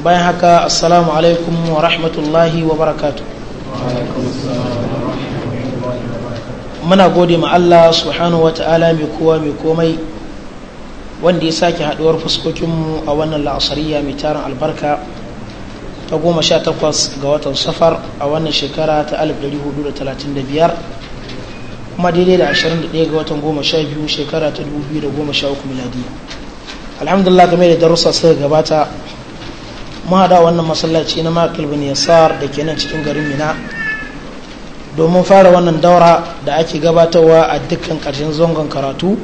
bayan haka assalamu alaikum wa rahmatullahi wa barakatu muna gode ma Allah subhanahu wa ta'ala mai kowa mai komai wanda ya sake haɗuwar fuskokinmu a wannan la'asariya mai tarin albarka ta goma sha takwas ga watan safar a wannan shekara ta 1435 kuma daidai da 21 ga watan goma sha biyu shekara ta 2013 miladiya alhamdulillah game da darussa suka gabata mahada wannan masallaci na makil bin yasar da ke nan cikin garin mina domin fara wannan daura da ake gabatarwa a dukkan ƙarshen zangon karatu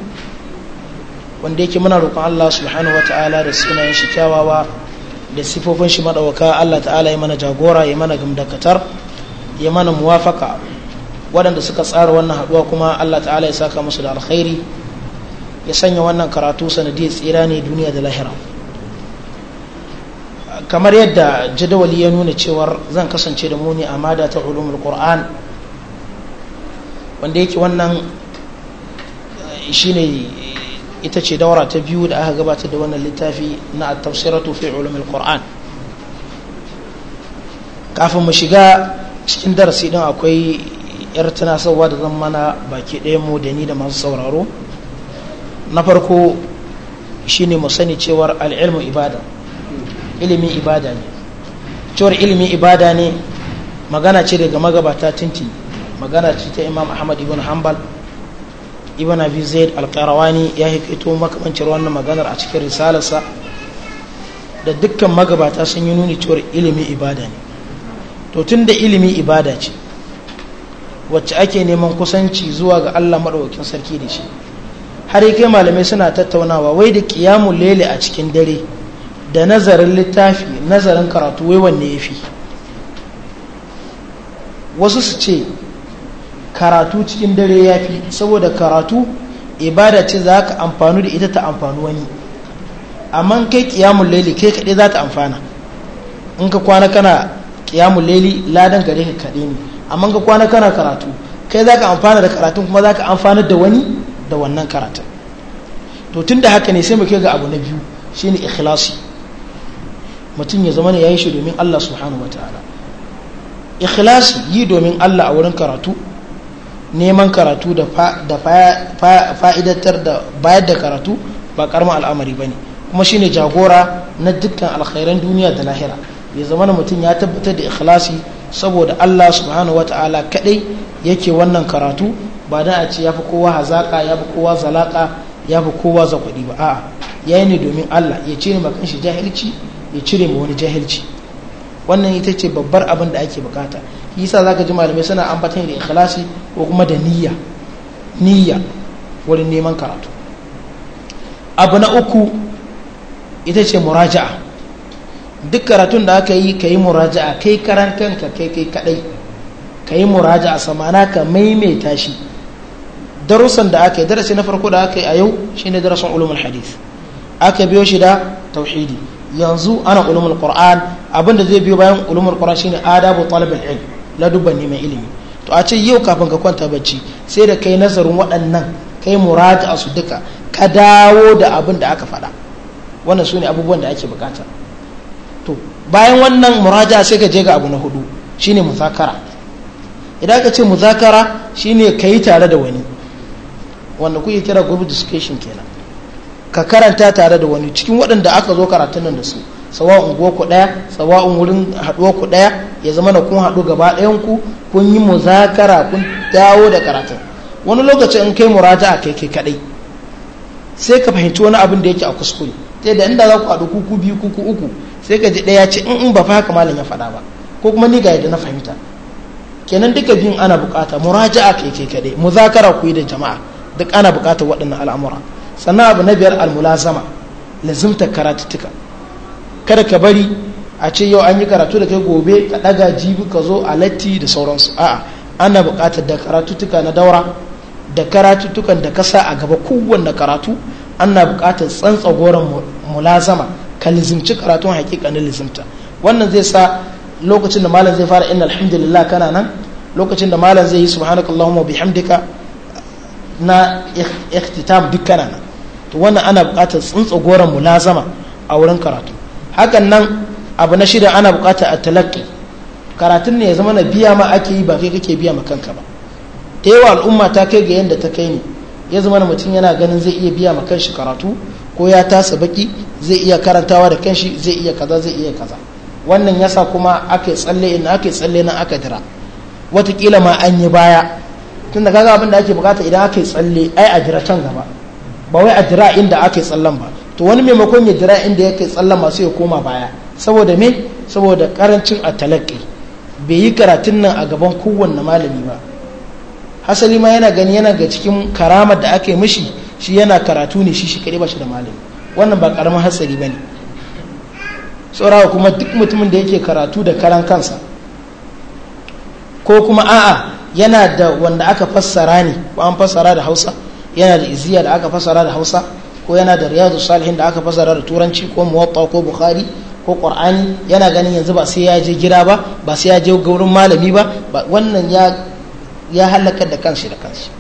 wanda yake muna roƙon allah subhanahu wa ta'ala da sunayen shi kyawawa da sifofin shi maɗauka allah ta'ala ya mana jagora ya mana gamdakatar ya mana muwafaka waɗanda suka tsara wannan haɗuwa kuma allah ta'ala ya saka musu da alkhairi ya sanya wannan karatu sanadiyar tsira ne duniya da lahira kamar yadda jadawali ya nuna cewar zan kasance da muni a mada ta ulumul qur'an wanda yake wannan eh, shine eh, ita ce daura ta biyu da aka gabata da wannan littafi na tafsiratu fi ulumul qur'an kafin mu shiga cikin darasi din akwai yar tunasarwa da zan mana baki ɗaya mu da ni da masu sauraro na farko shine mu sani cewar al'ilmu ibada ilimin ibada ne cewar ilimi ibada ne magana ce daga magabata tinti magana ce ta imam ahmad ibn hanbal ibn abi zaid al ya hikito makamancin wannan maganar a cikin risalarsa da dukkan magabata sun yi nuni cewar ilimi ibada ne to tun da ilimi ibada ce wacce ake neman kusanci zuwa ga allah maɗaukin sarki da shi har yi kai malamai suna tattaunawa wai da kiyamun lele a cikin dare da nazarin littafi nazarin karatu wai wanne ya fi wasu su ce karatu cikin dare ya fi saboda karatu ibada ce za ka amfanu da ita ta amfani wani amma kai kiyamun laili kai kaɗai za ta amfana in ka kwana kana kiyamun laili ladan gare ka kaɗai ne amma ka kwana kana karatu kai za ka amfana da karatun kuma za ka amfana da wani da wannan karatun to tun da haka ne sai mu ke ga abu na biyu shine ikhlasi mutum ya zama ne ya yi shi domin Allah subhanahu wataala ikhlas yi domin Allah a wurin karatu neman karatu da fa'idatar da bayar da karatu ba karma al'amari ba ne kuma shi ne jagora na dukkan alkhairan duniya da lahira ya zama na mutum ya tabbatar da ikhlasi saboda Allah subhanahu wataala kadai yake wannan karatu ba da a ce ya fi kowa hazaka ya fi kowa zalaka ya fi kowa zakwadi ba a'a ya yi ne domin Allah ya ce ni makan shi jahilci ya cire ma wani jahilci wannan ita ce babbar abin da ake bukata za ka ji malamai suna ambatan da ikhlasi ko kuma da niyya niyya wurin neman karatu abu na uku ita ce muraja'a duk karatun da aka yi ka yi muraja'a kai karan kanka kai kai kadai ka yi muraja'a samana ka maimaita shi darussan da aka yi darasi na farko da aka yi a yau shine darasin ulumul hadith aka biyo shi da tauhidi yanzu ana ulumul qur'an abinda zai biyo bayan ulumul qur'an shine adabu talibul ilm ne mai ilimi to a ce yau kafin ka kwanta bacci sai da kai nazarin waɗannan kai muraja su duka ka dawo da abin da aka faɗa wannan su ne abubuwan da ake bukata to bayan wannan muraja sai ka je ga abu na hudu shine muzakara idan aka ce muzakara shine ka yi tare da wani wanda kuke kira group discussion kenan ka karanta tare da wani cikin waɗanda aka zo karatun nan da su sawa'un unguwar ku ɗaya sawa'un wurin haɗuwa ku ɗaya ya zama na kun haɗu gaba ɗayan kun yi muzakara kun dawo da karatun wani lokacin in kai a kai kai kaɗai sai ka fahimci wani abin da yake a kuskure sai da inda za ku haɗu kuku biyu kuku uku sai ka ji ɗaya ce in in ba fa haka malam ya faɗa ba ko kuma ni ga yadda na fahimta kenan duka biyun ana bukata muraja'a kai kai kaɗai muzakara ku yi da jama'a duk ana bukatar waɗannan al'amura sannan abu na biyar almulazama lazimta karatuttuka kada ka bari a ce yau an yi karatu da kai gobe ka daga jibi ka zo a latti da sauransu a'a ana bukatar da karatuttuka na daura da karatuttukan da kasa a gaba kowanne karatu ana bukatar tsantsa goron mulazama ka lizimci karatun na lizimta wannan zai sa lokacin da malam zai fara inna alhamdulillah kana nan lokacin da malam zai yi subhanakallahumma bihamdika na ikhtitam duk kana nan to wannan ana bukatar tsuntsa goron mulazama a wurin karatu hakan nan abu na shida ana buƙatar a talaki karatun ne ya zama na biya ma ake yi ba kai kake biya ma kanka ba ta yawa al'umma ta kai ga yadda ta kai ne ya zama na mutum yana ganin zai iya biya ma kanshi karatu ko ya tasa baki zai iya karantawa da kanshi zai iya kaza zai iya kaza wannan yasa kuma aka tsalle ina aka tsalle nan aka dira watakila ma an yi baya tun da kaga abin da ake bukata idan aka tsalle ai a jira can gaba ba wai a jira inda aka yi tsallan ba to wani maimakon ya jira inda ya kai tsallan masu ya koma baya saboda me saboda karancin a talaki bai yi karatun nan a gaban kowanne malami ba hasali ma yana gani yana ga cikin karamar da aka yi mishi shi yana karatu ne shi shi kaɗai ba shi da malami wannan ba karamin hatsari ba ne tsorawa kuma duk mutumin da yake karatu da karan kansa ko kuma a'a yana da wanda aka fassara ne ko an fassara da hausa yana da iziya da aka fasara da hausa ko yana da riyadu salihin da aka fasara da turanci ko muwatta ko bukhari ko qur'ani yana ganin yanzu ba sai ya je gida ba ba sai ya je gurin malami ba wannan ya ya halaka da kanshi da kanshi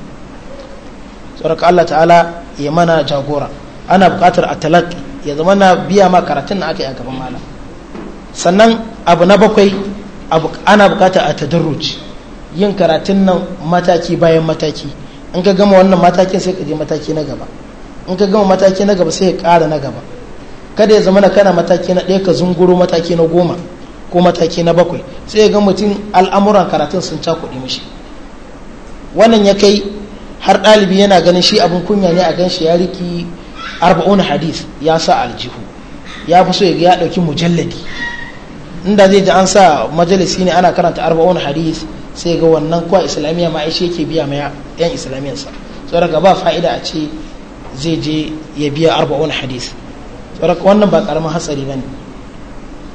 saboda Allah ta'ala ya mana jagora ana buƙatar atalaki ya zama na biya ma karatun da aka yi a gaban malam sannan abu na bakwai ana bukatar a tadarruci yin karatun nan mataki bayan mataki in ka gama wannan matakin sai ka je mataki na gaba in ka gama mataki na gaba sai ya ƙara na gaba kada ya zama na kana mataki na ɗaya ka zunguru mataki na goma ko mataki na bakwai sai ya ga mutum al'amuran karatun sun ca kuɗi mishi wannan ya kai har ɗalibi yana ganin shi abin kunya ne a gan shi ya riki arba'un hadis ya sa aljihu ya fi so ya ɗauki mujalladi inda zai ji an sa majalisi ne ana karanta arba'un hadis sai ga wannan kuwa islamiyya ma aishi yake biya ma yan islamiyyarsa ga ba fa'ida a ce zai je ya biya arba'un hadis ga wannan ba karamin hatsari ba ne.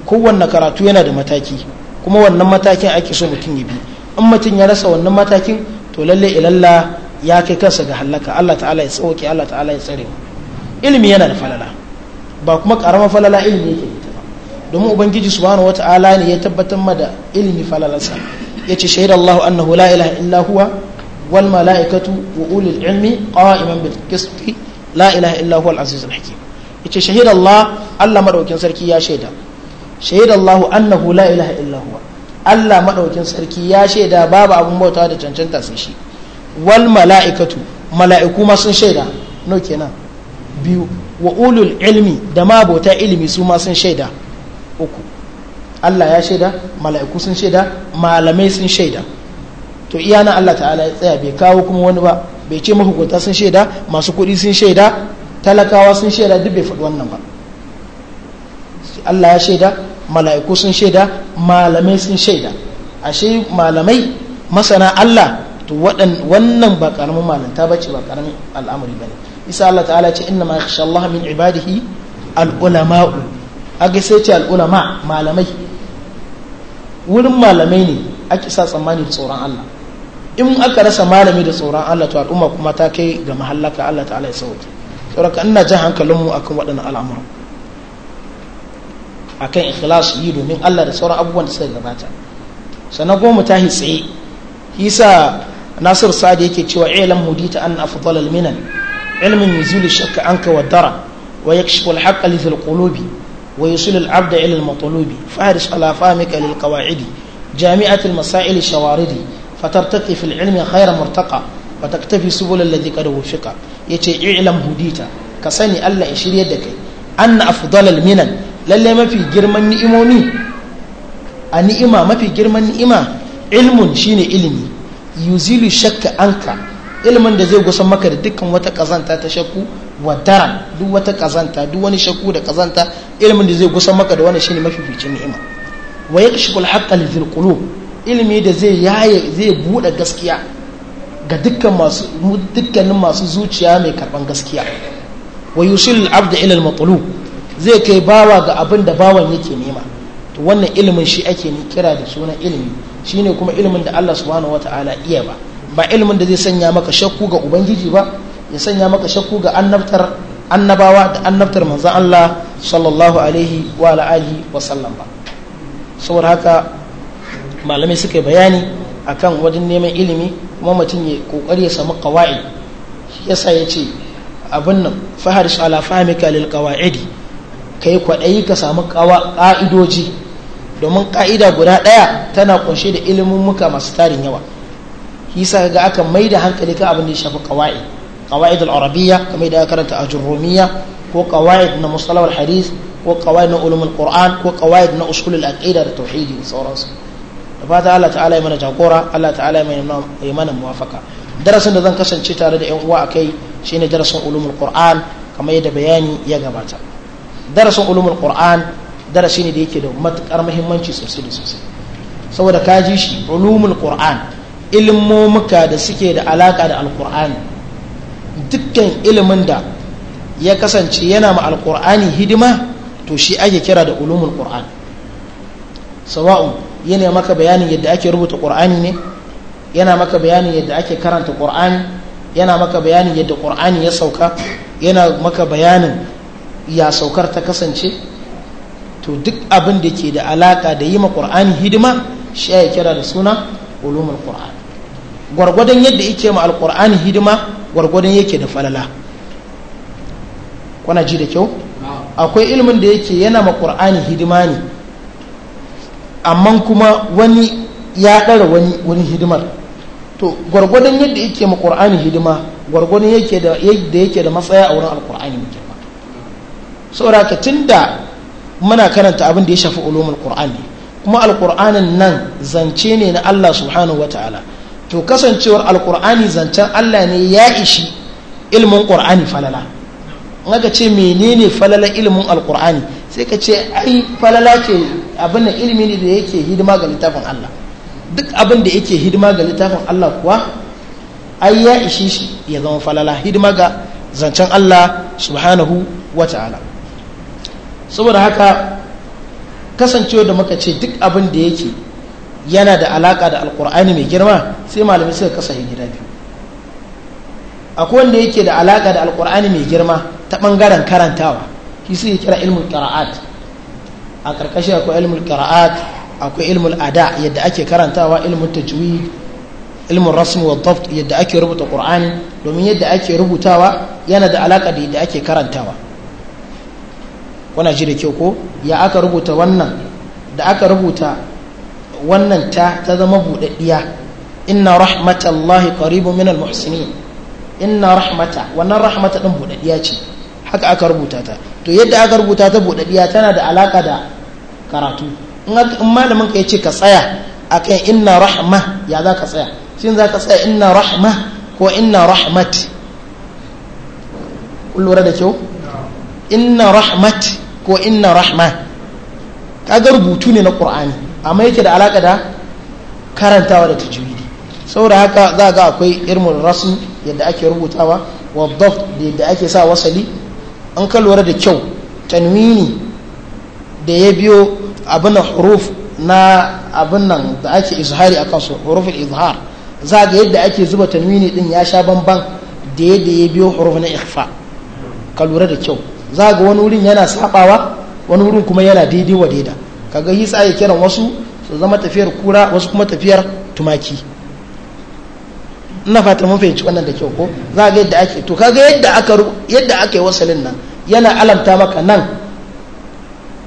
kowanne karatu yana da mataki kuma wannan matakin ake so mutum ya bi in mutum ya rasa wannan matakin to lalle ilalla ya kai kansa ga halaka Allah ta'ala ya tsawoke Allah ta'ala ya tsare ilimi yana da falala ba kuma karamin falala ilimi yake ba domin ubangiji subhanahu wata'ala ne ya tabbatar ma da ilimi falalarsa yace shaida Allah annahu la ilaha illa huwa wal malaikatu wa ulul ilmi qa'iman bil qisti la ilaha illa huwa al azizul hakim yace shaida Allah Allah madaukin sarki ya shaida shaida Allah annahu la ilaha illa huwa Allah madaukin sarki ya shaida babu abun bauta da cancanta sai shi wal malaikatu mala'iku ma sun shaida no kenan biyu wa ulul ilmi da ma mabota ilimi su ma sun shaida uku Allah ya shaida mala'iku sun shaida malamai sun shaida to iya nan Allah ta'ala ya tsaya bai kawo kuma wani ba bai ce mahukunta sun shaida masu kuɗi sun shaida talakawa sun shaida duk bai faɗi wannan ba Allah ya shaida mala'iku sun shaida malamai sun shaida ashe malamai masana Allah to wannan ba karamin malanta bace ba karamin al'amari ne isa Allah ta'ala ce inna ma yakhsha Allah min ibadihi al ulama'u aga sai ce al'ulama malamai wurin malamai ne ake sa tsammani da tsoron Allah in aka rasa malami da tsoron Allah to al'umma kuma ta kai ga mahallaka Allah ta'ala ya sauke saboda ina jan hankalinmu akan waɗannan a kan ikhlas yi domin Allah da sauran abubuwan da suka gabata sannan goma ta hitsaye hisa nasir sa'ad yake cewa ilam mudita an afdal al minan ilmin yuzilu shakka anka wa dara wa yakshifu al haqqa li qulubi ويوصل العبد إلى المطلوب فارس على فهمك للقواعد جامعة المسائل الشواردي فترتقي في العلم خير مرتقى وتكتفي سبل الذي قد وفق يتي اعلم هديتا كسني الله يشير يدك أن أفضل المنن للي ما في جرم النئموني النئمة ما في جرم النئمة علم شين علمي يزيل الشك عنك ilimin da zai gusan maka da dukkan wata kazanta ta shakku wadara duk wata kazanta duk wani shaku da kazanta ilimin da zai gusa maka da wani shine fice ni'ima wa yakshifu al-haqqa li fil ilimi da zai yaye zai bude gaskiya ga masu dukkanin masu zuciya mai karban gaskiya wa yusil al-abd ila al zai kai bawa ga abin da bawan yake nema to wannan ilimin shi ake ni kira da sunan ilimi ne kuma ilimin da Allah subhanahu wataala iya ba ba ilimin da zai sanya maka shakku ga ubangiji ba ya sanya maka shakku ga annabtar annabawa da annabtar manzan Allah sallallahu alaihi wa alihi wa sallam ba saboda haka malamai suka bayani akan wajen neman ilimi kuma mutum ya kokari ya samu qawaid yasa ya ce abin nan faharis ala fahimika lil qawaidi kai kwaɗayi ka samu ƙa'idoji domin ƙa'ida guda ɗaya tana kunshe da ilimin muka masu tarin yawa hisa ga aka mai da hankali ka abin da ya shafi qawaid qawaid al-arabiyya kamar da karanta a jurrumiyya ko qawaid na musalawar hadith ko qawaid na ulumul qur'an ko qawaid na usulul aqida da tauhidi da sauransu da fata Allah ta'ala ya mana jagora Allah ta'ala ya mana muwafaka darasin da zan kasance tare da yan uwa akai shine darasin ulumul kur'an kamar da bayani ya gabata darasin ulumul kur'an darasi ne da yake da matukar muhimmanci sosai da sosai saboda ka ji shi ulumul qur'an ilmomuka da suke da alaka da alqur'ani dukkan ilimin da ya kasance yana ma alkur'ani hidima to shi ake kira da ulumin ƙur'an. sawa'un yana maka bayanin yadda ake rubuta ƙur'ani ne yana maka bayanin yadda ake karanta ƙur'ani. yana maka bayanin yadda ƙur'ani ya sauka yana maka bayanin ya saukar ta kasance to duk abin da ke da alaka da yi ma qur'ani hidima shi ake kira da suna ulumin qur'an gwargwadon yadda ike ma Alƙur'ani hidima gwargwadon yake da falala kuna ji da kyau akwai ilimin da yake yana ma ƙur'ani hidima ne amma kuma wani ya ɗara wani hidimar to gwargwadon yadda yake ma ƙur'ani hidima gwargwadon yake da yadda yake da matsaya a wurin alƙur'ani mai girma ka da muna karanta abin da ya shafi ulumin ƙur'ani kuma alƙur'anin nan zance ne na Allah subhanahu wa Ta'ala. to kasancewar alkur'ani zancen allah ne ya ishi ilmin ƙur'ani falala ka ce menene falala ilmin alkur'ani sai ka ce ai falala ke abin ilmi ne da yake hidima ga littafin allah duk abin da yake hidima ga littafin allah kuwa ai ya ishi shi ya zama falala hidima ga zancen allah subhanahu wa ta'ala saboda haka kasancewar da muka ce duk abin da yake yana da alaka da alkur'ani mai girma sai malamai suka kasa gida biyu akwai wanda yake da alaka da alkur'ani mai girma ta ɓangaren karantawa shi suke kira ilmul qira'at a karkashi akwai ilmul qira'at akwai ilmul ada yadda ake karantawa ilmul tajwid ilmul rasmi wa dhabt yadda ake rubuta ƙur'ani domin yadda ake rubutawa yana da alaka da yadda ake karantawa kuna ji da kyau ko ya aka rubuta wannan da aka rubuta wannan ta ta zama buɗaɗɗiya inna rahmatallahi qaribu minal muhsinin inna rahmata wannan rahmata din buɗaɗɗiya ce haka aka rubuta ta to yadda aka rubuta ta buɗaɗɗiya tana da alaka da karatu in malamin ka yace ka tsaya akan inna rahma ya za ka tsaya shin za ka tsaya inna rahma ko inna rahmat lura da kyau inna rahmat ko inna rahma ga rubutu ne na ƙur'ani amma yake da alaka da karantawa da tajwidi saboda haka za ga akwai irmul rasul yadda ake rubutawa wa daf yadda ake sa wasali an ka da kyau tanwini da ya biyo abin huruf na abin nan da ake izhari akan su huruf izhar za ga yadda ake zuba tanwini din ya sha bamban da yadda ya biyo huruf na ikhfa ka da kyau za ga wani wurin yana sabawa wani wurin kuma yana daidai wa daida kaga hisa ya kiran wasu su zama tafiyar kura wasu kuma tafiyar tumaki ina fatan mun fahimci wannan da kyau ko za ga yadda ake to kaga yadda aka yadda aka yi wasalin nan yana alamta maka nan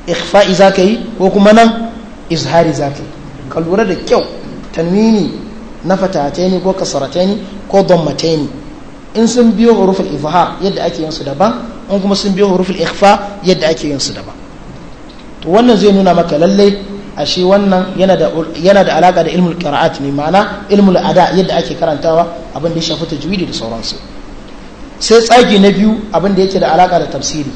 ikhfa'i za ka yi ko kuma nan izhari za ka yi ka lura da kyau tanwini na fatataini ko kasarataini ko dammataini in sun biyo hurufin ifha yadda ake yin su daban in kuma sun biyo hurufin ikhfa yadda ake yin su daban wannan zai nuna maka lallai ashe wannan yana da alaƙa da ilmul qira'at ne ma'ana ilmul ada yadda ake karantawa abin da ya shafi tajwidi da sauransu sai tsagi na biyu abin da yake da alaƙa da tafsiri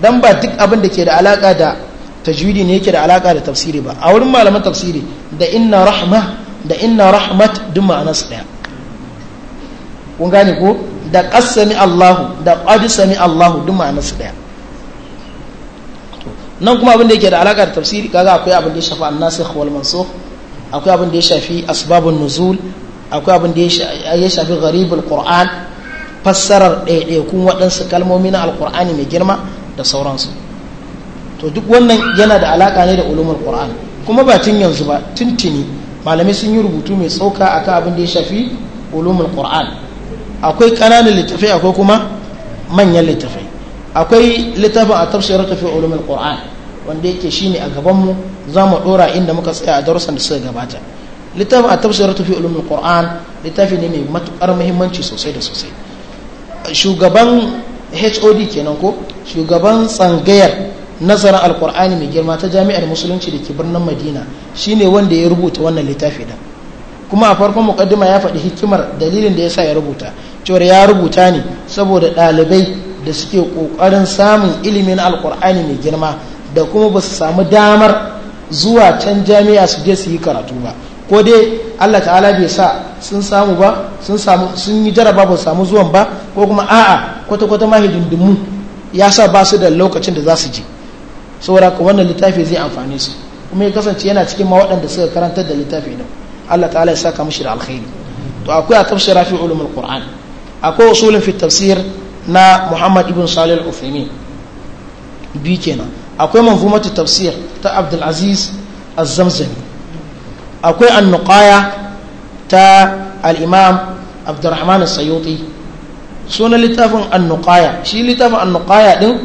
dan ba duk abin da ke da alaƙa da tajwidi ne yake da alaƙa da tafsiri ba a wurin malaman tafsiri da inna rahma da inna rahmat duk ma'anarsu daya kun gane ko da qasami Allahu da qad sami Allahu duk ma'anarsu daya nan kuma abin da yake da alaka da tafsiri kaga akwai abin da ya shafi annasikh wal mansukh akwai abin da ya shafi asbabun nuzul akwai abin da ya shafi gharibul qur'an fassarar ɗaiɗaikun waɗansu kalmomi na alqur'ani mai girma da sauransu to duk wannan yana da alaka ne da ulumul qur'an kuma ba tun yanzu ba tuntuni malamai sun yi rubutu mai tsoka akan abin da ya shafi ulumul qur'an akwai ƙananan littafai akwai kuma manyan littafai akwai littafin a tafsirar tafi ulumin qur'an wanda yake shi ne a gabanmu mu za mu ɗora inda muka tsaya a darussan da suka gabata littafin a tafsirar tafi ulumin qur'an littafi ne mai matuƙar muhimmanci sosai da sosai shugaban HOD kenan ko shugaban tsangayar nazarin alkur'ani mai girma ta jami'ar musulunci da ke birnin madina shi ne wanda ya rubuta wannan littafi da kuma a farkon mukaddima ya faɗi hikimar dalilin da ya sa ya rubuta cewar ya rubuta ne saboda ɗalibai da suke ƙoƙarin samun ilimin alkur'ani mai girma da kuma ba su samu damar zuwa can jami'a su je su yi karatu ba ko dai allah ta'ala bai sa sun samu ba sun yi jaraba ba su samu zuwan ba ko kuma a'a kwata-kwata ma hidindimu ya sa ba su da lokacin da za su je saboda ka wannan littafi zai amfani su kuma ya kasance yana cikin ma waɗanda suka karantar da littafi din allah ta'ala ya saka mishi da alkhairi to akwai a tafsira rafi ulumul qur'an akwai usulun fi tafsir na muhammad ibn salil uthaymin biyu kenan akwai manzumatu tafsir ta abdul aziz zamzami akwai annukaya ta al-imam abdurrahman as-sayuti sunan littafin annukaya shi littafin annukaya din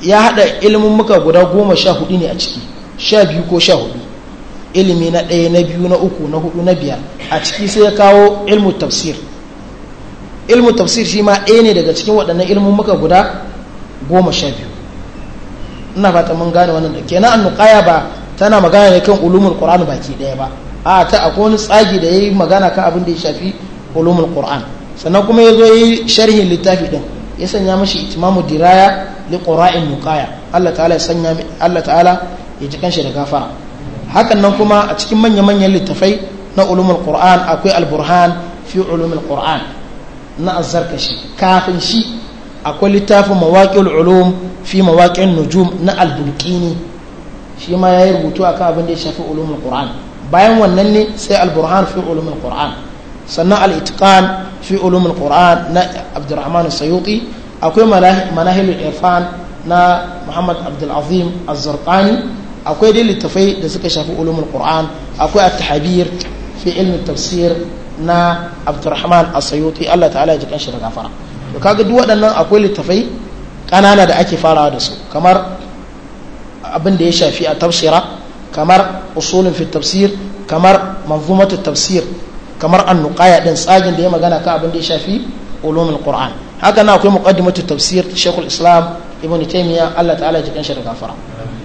ya hada ilimin muka guda goma sha hudu ne a ciki sha biyu ko sha hudu ilimi na ɗaya na biyu na uku na hudu na biyar a ciki sai ya kawo ilimin tafsir ilmu tafsir shi ma ɗaya ne daga cikin waɗannan ilmummuka guda goma sha biyu ina fata mun gane wannan da ke na'an nukaya ba tana magana ne kan ulumin ba baki ɗaya ba a ta akwai wani tsagi da ya yi magana kan abin da ya shafi ulumin ƙur'an sannan kuma ya zo yi sharhin littafi ɗin ya sanya mashi itimamu diraya li ƙura'in nukaya Allah ta'ala ya sanya Allah ta'ala ya ji kanshi da gafara hakan nan kuma a cikin manya-manyan littafai na ulumin qur'an akwai alburhan fi ulumin qur'an na shi kafin shi akwai littafin mawaƙil ulum fi mawaƙin nujum na albulkini shi ma ya yi rubutu a kan abin da ya shafi ulumin qur'an bayan wannan ne sai alburhan fi ulumin qur'an sannan al fi ulumin qur'an na abdurrahman sayuti akwai manahil irfan na muhammad abdulazim azarkani akwai dai littafai da suka shafi ulumin qur'an akwai a tahbir fi ilmin tafsir na abdurrahman asayuti allah ta'ala ya ji kanshi da gafara to kaga duk waɗannan akwai littafai ƙanana da ake farawa da su kamar abin da ya shafi a tafsira kamar usulun fi tafsir kamar manzumatu tafsir kamar annuqaya din tsagin da ya magana ka abin da ya shafi ulumul qur'an haka na akwai muqaddimatu tafsir shaykhul islam ibn taymiya allah ta'ala ya ji kanshi da gafara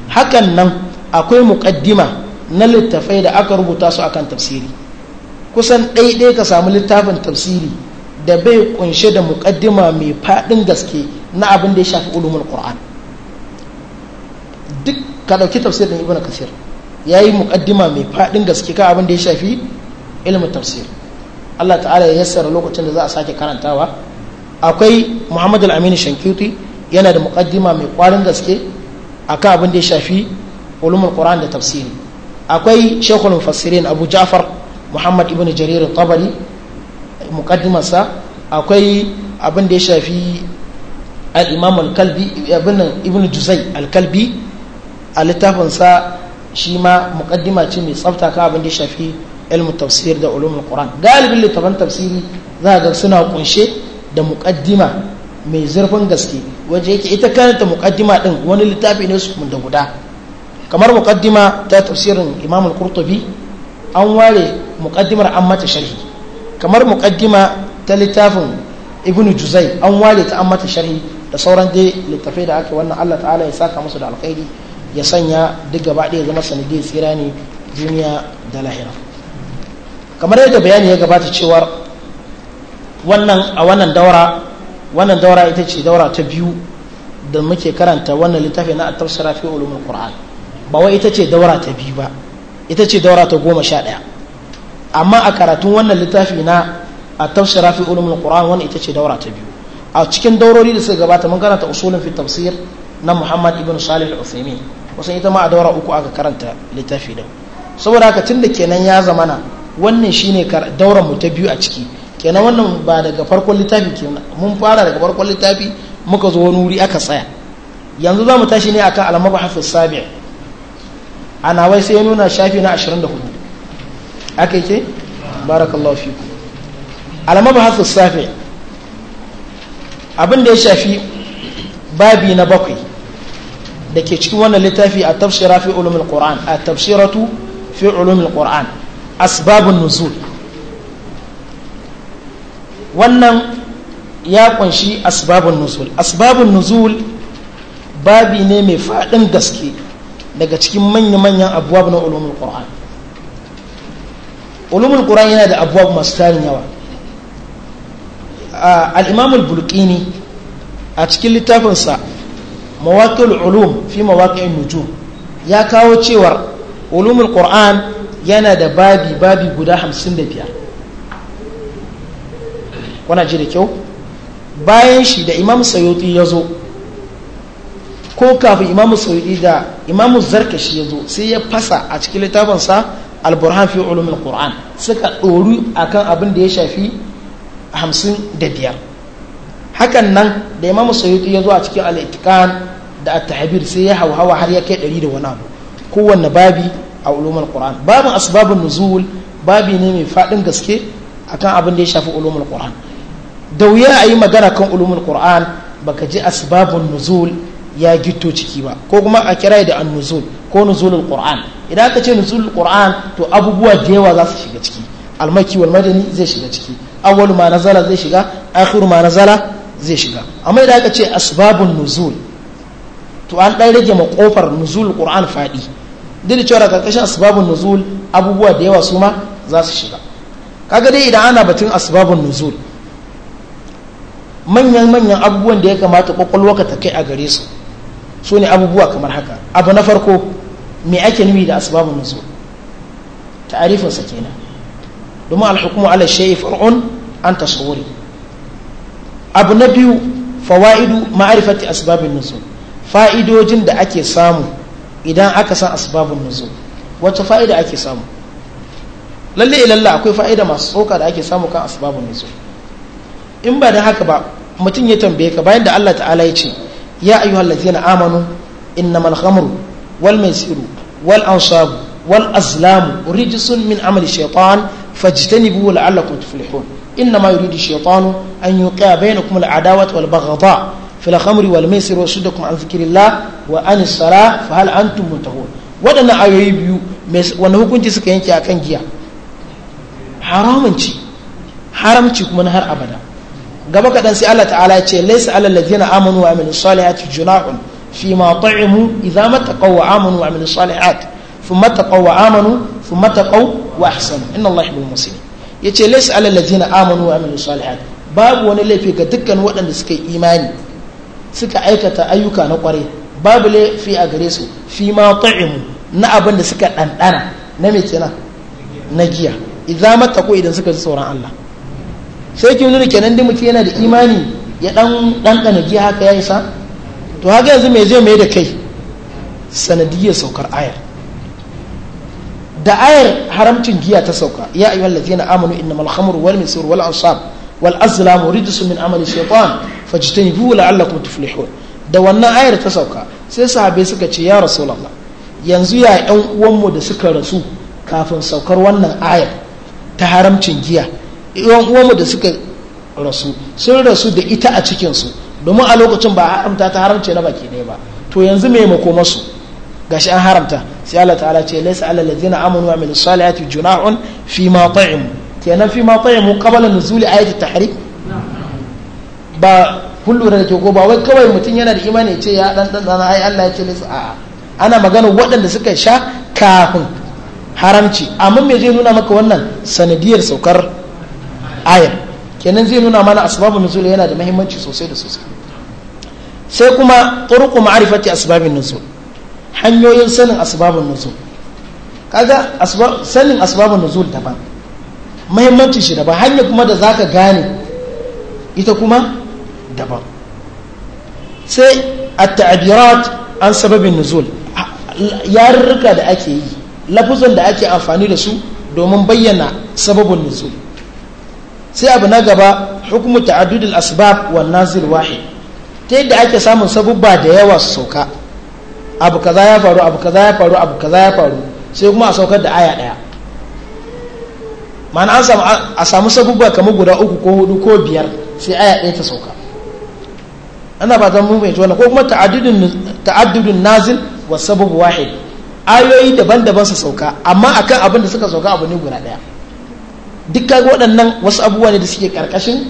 hakan nan akwai muqaddima na littafai da aka rubuta su akan tafsiri kusan ɗaiɗai ka samu littafin tafsiri da bai kunshe da muƙaddima mai faɗin gaske na abin da ya shafi ulumul qur'an duk ka ɗauki tafsir da ibn kasir ya yi muƙaddima mai faɗin gaske ka abin da ya shafi ilimin tafsir allah ta'ala ya yassara lokacin da za a sake karantawa akwai muhammad al-amini shankiti yana da muƙaddima mai ƙwarin gaske a ka abin da ya shafi ulumul qur'an da tafsiri akwai shekul mufassirin abu ja'far muhammad ibn jarir tabari mukaddimarsa akwai abin da ya shafi al'imam al-kalbi ibn juzai al-kalbi a littafinsa shi ma mukaddima ce mai tsafta ka abin da ya shafi ilmu tafsir da ulumul quran galibin littafin tafsiri za ga suna kunshe da mukaddima mai zurfin gaske waje yake ita karanta mukaddima din wani littafi ne su da guda kamar mukaddima ta tafsirin imam al-qurtubi an ware muƙaddimar an mata sharhi kamar muƙaddima ta littafin ibnu juzai an wale ta an mata sharhi da sauran dai littafai da aka wannan allah ta'ala ya saka musu da alkhairi ya sanya duk gaba ɗaya zama sanadiyar tsira ne duniya da lahira kamar yadda bayani ya gabata cewa wannan a wannan daura wannan daura ita ce daura ta biyu da muke karanta wannan littafi na at-tafsira fi ulumul qur'an ba wai ita ce daura ta biyu ba ita ce daura ta goma sha ɗaya amma a karatun wannan littafi na a tafsira fi ulumul qur'an wannan ita ce daura ta biyu a cikin daurori da suka gabata mun karanta usulun fi tafsir na Muhammad ibn Salih al-Uthaymeen wasan ita ma a daura uku aka karanta littafi da saboda haka tunda kenan ya zamana wannan shine daura mu ta biyu a ciki kenan wannan ba daga farkon littafi kenan mun fara daga farkon littafi muka zo wani wuri aka tsaya yanzu za mu tashi ne akan al-mabahaf as-sabi' ana wai sai ya nuna shafi na ashirin da hudu. aka yake barakallahu ku alama ba hasu safi abinda ya shafi babi na bakwai da ke cikin wannan littafi a tafsira fi ulumin qur'an a tafsiratu fi ulumin qur'an asibabin nuzul wannan ya kunshi asbabun nuzul asbabun nuzul babi ne mai faɗin gaske daga cikin manya-manyan abuwa na ulumin qur'an ulumul qur'an yana da abubuwa masu tarin yawa ah, al'imamul bulkini a cikin littafinsa mawakil ulum fi mawakil nujum ya kawo cewar ulumul qur'an yana da babi babi guda hamsin da biyar wana ji da kyau bayan shi da imam sayoti ya zo ko kafin imam sayoti da imam zarkashi ya zo sai ya fasa a cikin littafinsa alburhan fi ulumin qur'an suka ɗoru akan abin da ya shafi hamsin da biyar hakan nan da imam sayyidi ya zo a cikin al'itikan da at-tahbir sai ya hauhawa har ya kai ɗari da wani abu kowanne babi a ulumin qur'an babin asbabun nuzul babi ne mai faɗin gaske akan abin da ya shafi ulumin qur'an da wuya a yi magana kan ulumul qur'an baka ji asbabun nuzul ya gito ciki ba ko kuma a kira da an nuzul ko nuzulul qur'an idan aka ce nuzulul qur'an to abubuwa da yawa za su shiga ciki almaki wal madani zai shiga ciki awwalu ma nazala zai shiga akhiru ma nazala zai shiga amma idan aka ce asbabun nuzul to an dan rage ma kofar nuzulul qur'an fadi duk da cewa karkashin asbabun nuzul abubuwa da yawa su ma za su shiga kaga dai idan ana batun asbabun nuzul manyan-manyan abubuwan da ya kamata kwakwalwa ka ta kai a gare su su ne abubuwa kamar haka abu na farko me ake nufi da asibabin nuzul ta'arifinsa kenan domin alhukumu ala shay'i far'un an tasawuri abu na biyu fawaidu ma'arifati asibabin nuzul fa'idojin da ake samu idan aka san asibabin nuzul wacce fa'ida ake samu lalle ilalla akwai fa'ida masu tsoka da ake samu kan asibabin nuzul in ba da haka ba mutum ya tambaye ka bayan da Allah ta'ala ya ce ya ayyuhallazina amanu innamal khamru wal maisiru wal ansabu wal azlamu rijisun min amali shaitan fajtanibu la'allakum tuflihun innama yuridu shaitanu an yuqiya bainakum al'adawata wal baghdha fil khamri wal maisir wasuddakum an dhikrillah wa an as-salah fa hal antum muntahun wadannan ayoyi biyu wanda hukunci suka yanke akan giya haramun ci haramci kuma na har abada gaba kaɗan sai Allah ta'ala ya ce laisa alal ladina amanu wa amilus salihati junahun فيما طعموا إذا ما اتقوا وآمنوا وعملوا الصالحات ثم اتقوا وآمنوا ثم اتقوا وأحسنوا إن الله يحب المحسنين yace laysa alal ladina amanu wa amilu salihat babu wani laifi ga dukkan waɗanda suka yi imani suka aikata ayyuka na kwarai babu laifi a gare su fi ma ta'imu na abin da suka ɗanɗana na mai kenan na giya idza mattaqu idan suka ji tsoron Allah sai ki nuna kenan da mutum yana da imani ya dan ɗanɗana giya haka ya isa to haka yanzu mai zai mai da kai sanadiyyar saukar ayar da ayar haramcin giya ta sauka ya ayyuha allazina amanu inna khamru wal maisir wal ansab wal azlamu rijsun min amali shaytan fajtanibuhu la'allakum tuflihun da wannan ayar ta sauka sai sahabai suka ce ya rasulullah yanzu ya yan uwanmu da suka rasu kafin saukar wannan ayar ta haramcin giya yan uwanmu da suka rasu sun rasu da ita a cikinsu domin a lokacin ba haramta ta haramce na baki ɗaya ba to yanzu me mako masu gashi an haramta sai Allah ta'ala ce laysa alal ladzina amanu wa amilus salihati junahun fi ma ta'im kenan fi ma ta'im qabla nuzuli ayati tahrim ba kullu da ke ko ba wai kawai mutum yana da imani ce ya dan dan ai Allah ya ce laysa a'a ana magana waɗanda suka sha kafin haramci amma me zai nuna maka wannan sanadiyar saukar ayat kenan zai nuna mana asibabin nuzul yana da muhimmanci sosai da sosai sai kuma turqu ma'rifati asibabin nuzul hanyoyin sanin asibabin nuzul kaga sanin asibabin nuzul daban muhimmancin shi daban hanyar kuma da zaka gane ita kuma daban sai a tabirat an sababin nuzul yarurruka da ake yi lafuzan da ake amfani da su domin bayyana sababin nuzul sai abu na gaba hukumu ta'addudul asbab wan nazil wahid ta yadda ake samun sabubba da yawa su sauka abu kaza ya faru abu kaza ya faru abu kaza ya faru sai kuma a saukar da aya daya ma'ana an samu a samu sabubba kamar guda uku ko hudu ko biyar sai aya daya ta sauka ana ba zan mun wannan ko kuma ta'addudun ta'addudun nazil wa sabab wahid ayoyi daban-daban su sauka amma akan abin da suka sauka abu ne guda daya duk waɗannan wasu abubuwa ne da suke ƙarƙashin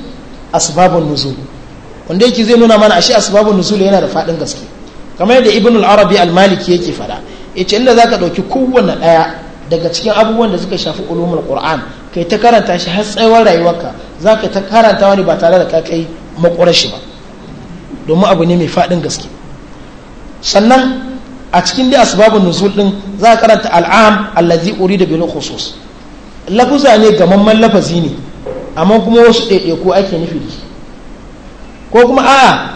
asibabin nuzul wanda yake zai nuna mana ashe asibabin nuzul yana da faɗin gaske kamar yadda ibn al-arabi al-maliki yake faɗa ce inda za ka ɗauki kowanne ɗaya daga cikin abubuwan da suka shafi ulumul qur'an kai ta karanta shi har tsawon rayuwarka zaka ta karanta wani ba tare da ka kai makurashi ba domin abu ne mai faɗin gaske sannan a cikin dai asibabin nuzul din za ka karanta al'am allazi da bil khusus lafusa ne gamamman lafazi ne amma kuma wasu ɗaiɗaiku ake nufi da shi ko kuma a'a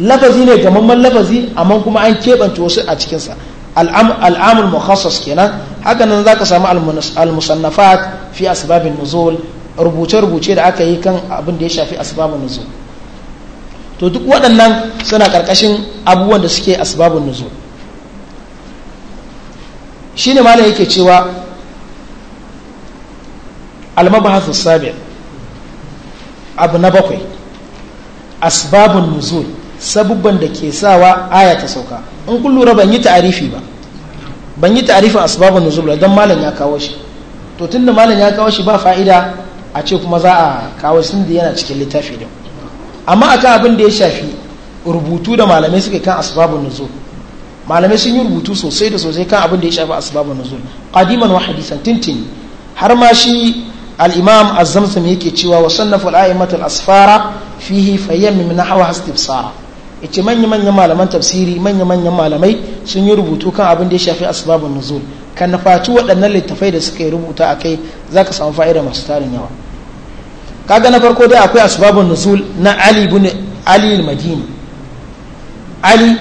lafazi ne gamamman lafazi amma kuma an keɓance wasu a cikinsa al'amul mukhassas kenan haka nan ka samu al-musannafat fi asbabin nuzul rubuce-rubuce da aka yi kan abin da ya shafi asibabin nuzul to duk waɗannan suna ƙarƙashin abubuwan da suke asbabun nuzul shine malam yake cewa almabahasu sabi abu na bakwai asibabin nuzul sabubban da ke sawa aya ta sauka in kun lura ban yi ta'arifi ba ban yi ta'arifin asbabun nuzul don malam ya kawo shi to tunda malam ya kawo shi ba fa'ida a ce kuma za a kawo shi da yana cikin littafi din amma akan abin da ya shafi rubutu da malamai suka kan asibabin nuzul malamai sun yi rubutu sosai da sosai kan abin da ya shafi asbabun nuzul qadiman wa hadisan tintini har ma shi al-imam az yake cewa wa sannafa al asfara fihi fayyam hawa nahwa istibsara yace manya manyan malaman tafsiri manya manyan malamai sun yi rubutu kan abin da ya shafi asbabun nuzul kan nafatu waɗannan littafai da suka yi rubuta za zaka samu fa'ida masu tarin yawa kaga na farko dai akwai asibabin nuzul na ali bin al-madini ali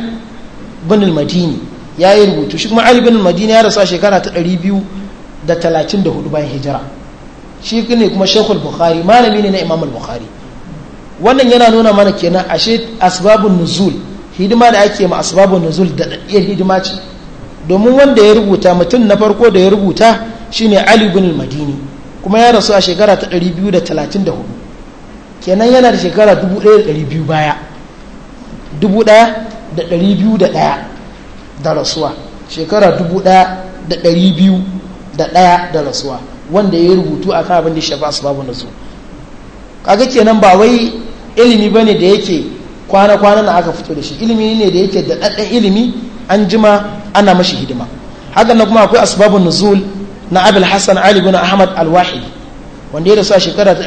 ibn al-madini yayi rubutu shi kuma ali ibn al-madini ya rasu a shekara ta 234 bayan hijira shi ne kuma shekul bukhari malami ne na imam bukhari wannan yana nuna mana kenan ashe asbabun nuzul hidima da ake ma asbabun nuzul da daɗaɗɗiyar hidima ce domin wanda ya rubuta mutum na farko da ya rubuta shine ali bin madini kuma ya rasu a shekara ta 234 kenan yana da shekara 1200 baya 1201 da rasuwa shekara 1201 da rasuwa wanda ya rubutu a kan abin da shafa asbabu nuzul kaga kenan ba wai ilimi bane da yake kwana-kwana na aka fito da shi ilimi ne da yake da ɗaɗɗan ilimi an jima ana mashi hidima hakan na kuma akwai asbabun nuzul na abil hassan ali bin ahmad al-wahidi wanda ya rasu a shekara ta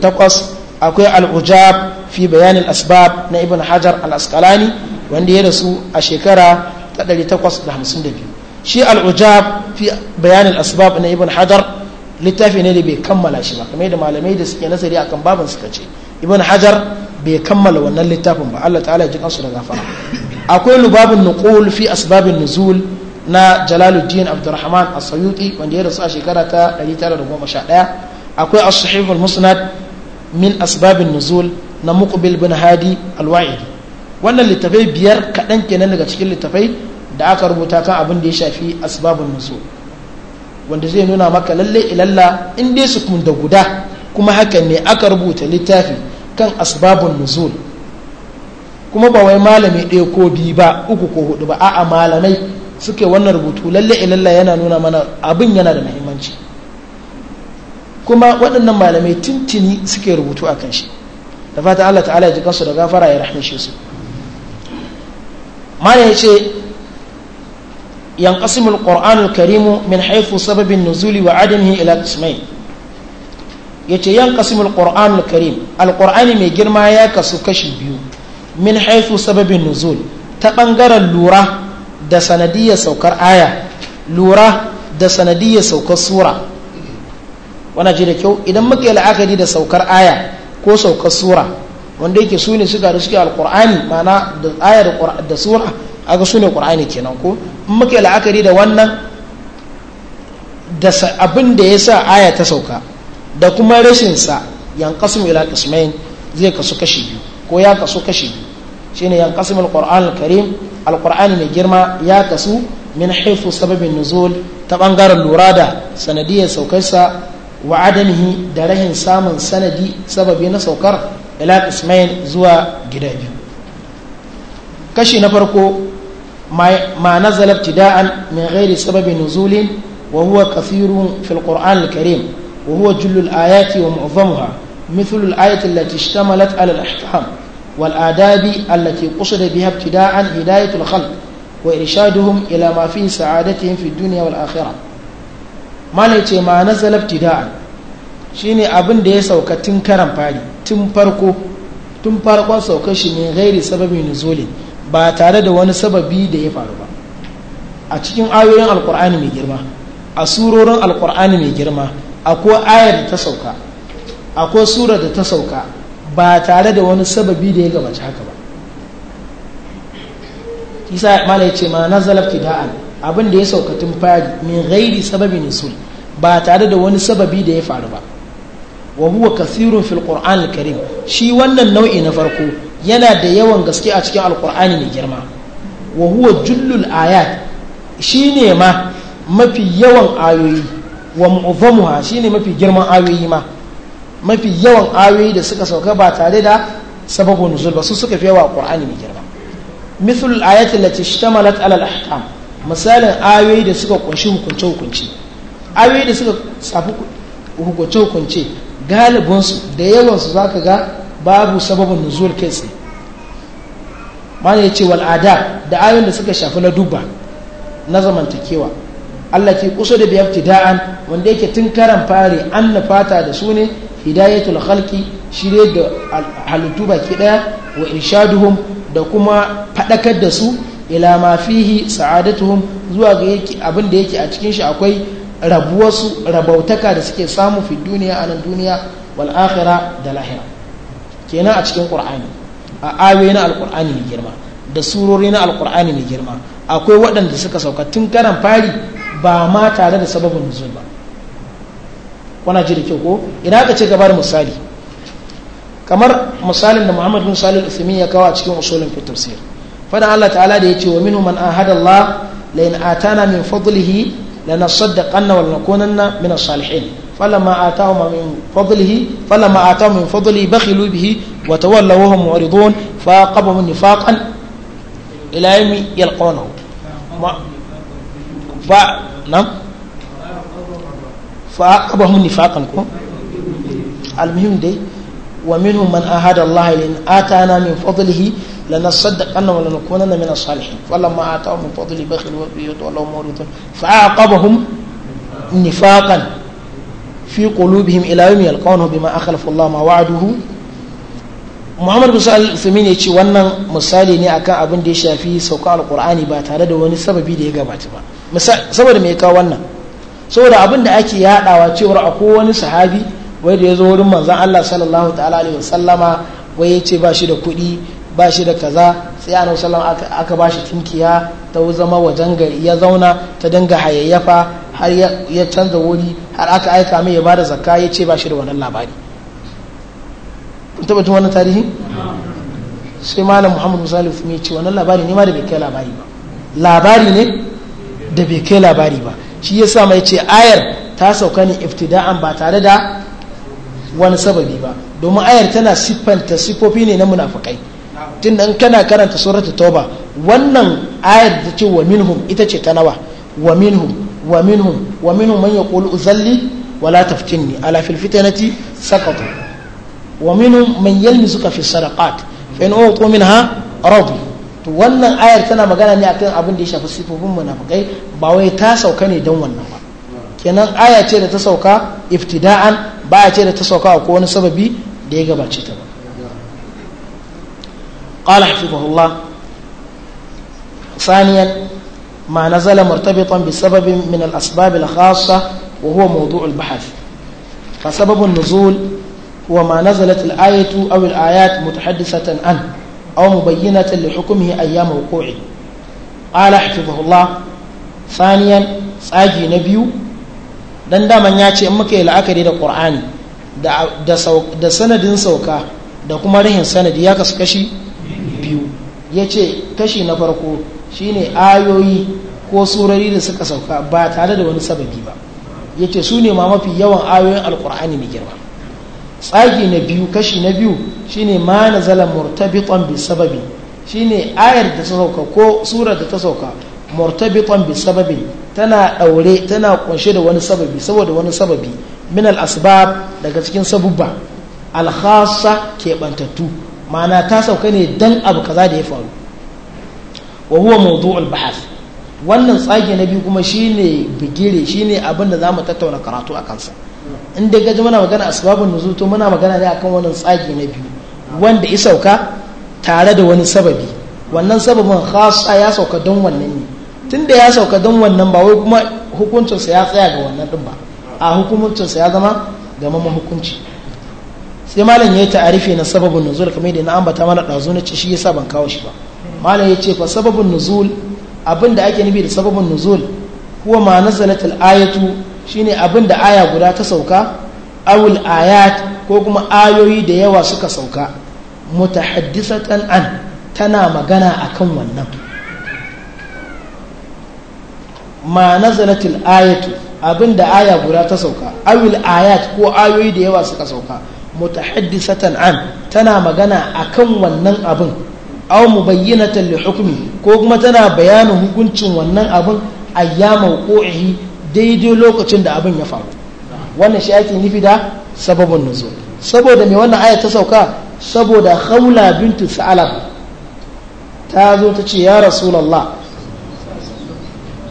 takwas akwai al'ujab fi bayanin asbab na ibn hajar al-asqalani wanda ya rasu a shekara ta biyu. shi al'ujab fi bayanin asbab na ibn hajar littafi ne da bai kammala shi ba kamar da malamai da suke nasari akan baban suka ce ibn hajar bai kammala wannan littafin ba Allah ta'ala ji kansu da gafara akwai lubabin nuqul fi asbabin nuzul na jalaluddin abdurrahman as-sayuti wanda ya rasu a shekara ta 1911 akwai as-sahih al-musnad min asbabin nuzul na muqbil bin hadi al-wa'idi wannan littafai biyar kaɗan kenan daga cikin littafai da aka rubuta kan abin da ya shafi asbabun nuzul wanda zai nuna maka lalle ilalla in dai kun da guda kuma haka ne aka rubuta littafi kan asbabun nuzul kuma ba wai malami ɗaya ko biyu ba uku ko hudu ba a'a malamai suke wannan rubutu lalle ilalla yana nuna mana abin yana da muhimmanci kuma waɗannan malamai tuntuni suke rubutu a kan shi da fatan Allah ta'ala ya ji kansu da gafara ya rahmishe su ma ya ce ينقسم القرآن الكريم من حيث سبب النزول وعدمه إلى قسمين yace yan qasimul qur'an karim alqur'ani mai girma ya kasu kashi biyu min haifu sababin nuzul ta bangaren lura da sanadiyar saukar aya lura da sanadiyar saukar sura wannan ji da kyau idan muka yi la'akari da saukar aya ko saukar sura wanda yake su ne suka da suke alqur'ani ma'ana da aya da sura aga su ne ƙur'ani kenan ko muke muka la'akari da wannan da abin da ya sa aya ta sauka da kuma rashin sa yan kasu ila kismain zai kasu kashi biyu ko ya kasu kashi biyu ne yan kasu min karim alqur'ani mai girma ya kasu min haifu sababin nuzul ta bangaren lura da sanadiyar saukarsa wa adamihi da rahin samun sanadi sababi na saukar ila kismain zuwa gida biyu kashi na farko ما نزل ابتداء من غير سبب نزول وهو كثير في القرآن الكريم وهو جل الآيات ومعظمها مثل الآية التي اشتملت على الأحكام والآداب التي قصد بها ابتداء هداية الخلق وإرشادهم إلى ما فيه سعادتهم في الدنيا والآخرة ما نيتي ما نزل ابتداء شيني أبن دي سوكا تنكرم فالي تنفرقو تنفرقو سوكا شيني غير سبب نزول ba tare da wani sababi da ya faru ba a cikin ayoyin alkur'ani mai girma a surorin alkur'ani mai girma akwai ayar da ta sauka akwai sura da ta sauka ba tare da wani sababi da ya gabaci haka ba isa mala ya ce ma nazalar da'an abin da ya sauka tun fari min gairi sababi ne sun ba tare da wani sababi da ya faru ba wa huwa kasirun fil qur'an karim shi wannan nau'i na farko yana da yawan gaske a cikin alkur'ani mai girma wa huwa jullul ayat shine ma mafi yawan ayoyi wa mu'azzamuha shine mafi girman ayoyi ma mafi yawan ayoyi da suka sauka ba tare da sababu nuzul ba su suka fi yawa alkur'ani mai girma mithlul ayati allati ishtamalat ala al-ahkam misalin ayoyi da suka kunshi hukunce hukunci ayoyi da suka safi hukunce hukunce galibinsu da yawansu za ka ga babu sababin nuzul kai tsaye mana ya ce wal'ada da ayoyin da suka shafi na duba na zamantakewa Allah ke kusa da biyar tida'an wanda yake tun karan fare an fata da su ne hidayatul khalqi shirye da halittu baki daya wa irshaduhum da kuma fadakar da su ila ma fihi sa'adatuhum zuwa ga yake abin da yake a cikin shi akwai rabuwarsu rabautaka da suke samu fi duniya a nan duniya wal akhirah da lahira kenan a cikin qur'ani a ayoyi na alqur'ani mai girma da surori na alqur'ani mai girma akwai waɗanda suka sauka tun karan fari ba ma tare da sababin nuzul ba kuna ji da kyau ko ina ka ce gabar misali kamar misalin da Muhammad bin Salih al-Uthaymeen ya kawo a cikin usulin fi tafsir fadan Allah ta'ala da yace wa minhum man ahada Allah la in atana min fadlihi lanasaddaqanna wa lanakunanna min as-salihin فلما آتاهم من فضله فلما آتاهم من فضله بخلوا به وتولوا وهم معرضون فاقبهم نفاقا إلى يوم يلقونه ف... نعم فاقبهم نفاقا المهم دي ومنهم من أهاد الله لأن آتانا من فضله لنصدق أنه ولنكونن من الصالحين فلما آتاهم من فضله بخلوا به وتولوا معرضون فعاقبهم نفاقا fi qulubihim ila yawmi yalqawnahu bima akhlafa Allah ma wa'aduhu Muhammad bin Sa'al Thumin ya ce wannan misali ne akan abin da ya shafi sauka alqur'ani ba tare da wani sababi da ya gabata ba saboda me ya kawo wannan saboda abin da ake yadawa cewa akwai wani sahabi wai da ya zo wurin manzon Allah sallallahu ta'ala alaihi wasallama wai ya ce ba shi da kuɗi ba shi da kaza sai annabi sallallahu aka ba shi tinkiya ta zama wajen gari ya zauna ta dinga hayayyafa har ya canza wuri har aka aika mai ya da zakka ya ce ba shi da wannan labari kun taba jin wannan tarihi sai malam Muhammadu musa lufumi ya ce wannan labari ne ma da bai kai labari ba labari ne da bai kai labari ba shi ya sa mai ce ayar ta sauka ne iftida'an ba tare da wani sababi ba domin ayar tana siffanta siffofi ne na munafukai tun in kana karanta surata tauba wannan ayar da ce wa minhum ita ce ta nawa wa minhum ومنهم ومنهم من يقول أزلي ولا تفتني ألا في الفتنة سقطوا ومنهم من fi في الصدقات فإن أعطوا منها رضوا to wannan ayar tana magana ne akan abin da ya shafi sifofin munafikai ba wai ta sauka ne dan wannan ba kenan aya ce da ta sauka iftida'an ba ya ce da ta sauka ko wani sababi da ya gabace ta ba qala hafizahullah saniyan ما نزل مرتبطا بسبب من الأسباب الخاصة وهو موضوع البحث فسبب النزول هو ما نزلت الآية أو الآيات متحدثة عنه أو مبينة لحكمه أيام وقوعه قال حفظه الله ثانيا tsagi na biyu dan daman ya ce in muka yi la'akari da ƙur'ani da sanadin sauka da kuma rahin sanadi ya kasu kashi biyu ya ce kashi na farko shine ayoyi ko surori da suka sauka ba tare da wani sababi ba yace su ne ma mafi yawan ayoyin alkur'ani mai girma tsagi na biyu kashi na biyu shine ma nazala murtabitan bi sababi shine ayar da ta sauka ko surar da ta sauka murtabitan bi sababi tana daure tana kunshe da wani sababi saboda wani sababi min al asbab daga cikin sabubba al khassa ma'ana ta sauka ne dan abu kaza da ya faru wa huwa mawdu'ul bahath wannan tsage na biyu kuma shine bigire shine abin da zamu tattauna karatu a kansa inda gaji muna magana asbabun nuzul to muna magana ne akan wannan tsage na biyu wanda ya sauka tare da wani sababi wannan sababin khasa ya sauka don wannan ne tunda ya sauka don wannan ba wai kuma hukuncinsa ya tsaya ga wannan din ba a hukuncinsa ya zama ga mamman hukunci sai malam ya yi ta'arifi na sababin nuzul kamar yadda na ambata mana ɗazu na ce shi yasa ban kawo shi ba malam ya ce fa sababin nuzul abin da ake nufi da sababin nuzul huwa ma nazalat al-ayatu shine abin da aya guda ta sauka awul ayat ko kuma ayoyi da yawa suka sauka mutahaddisatan an tana magana akan wannan ma nazalat al-ayatu abin da aya guda ta sauka awul ayat ko ayoyi da yawa suka sauka mutahaddisatan an tana magana akan wannan abin aw bayyana li hukmi ko kuma tana bayanin hukuncin wannan abin ayyama wuqu'ihi daidai lokacin da abin ya faru wannan shi ake nufi da sababin nuzul saboda me wannan aya ta sauka saboda khawla bintu sa'alab ta zo ta ce ya rasulullah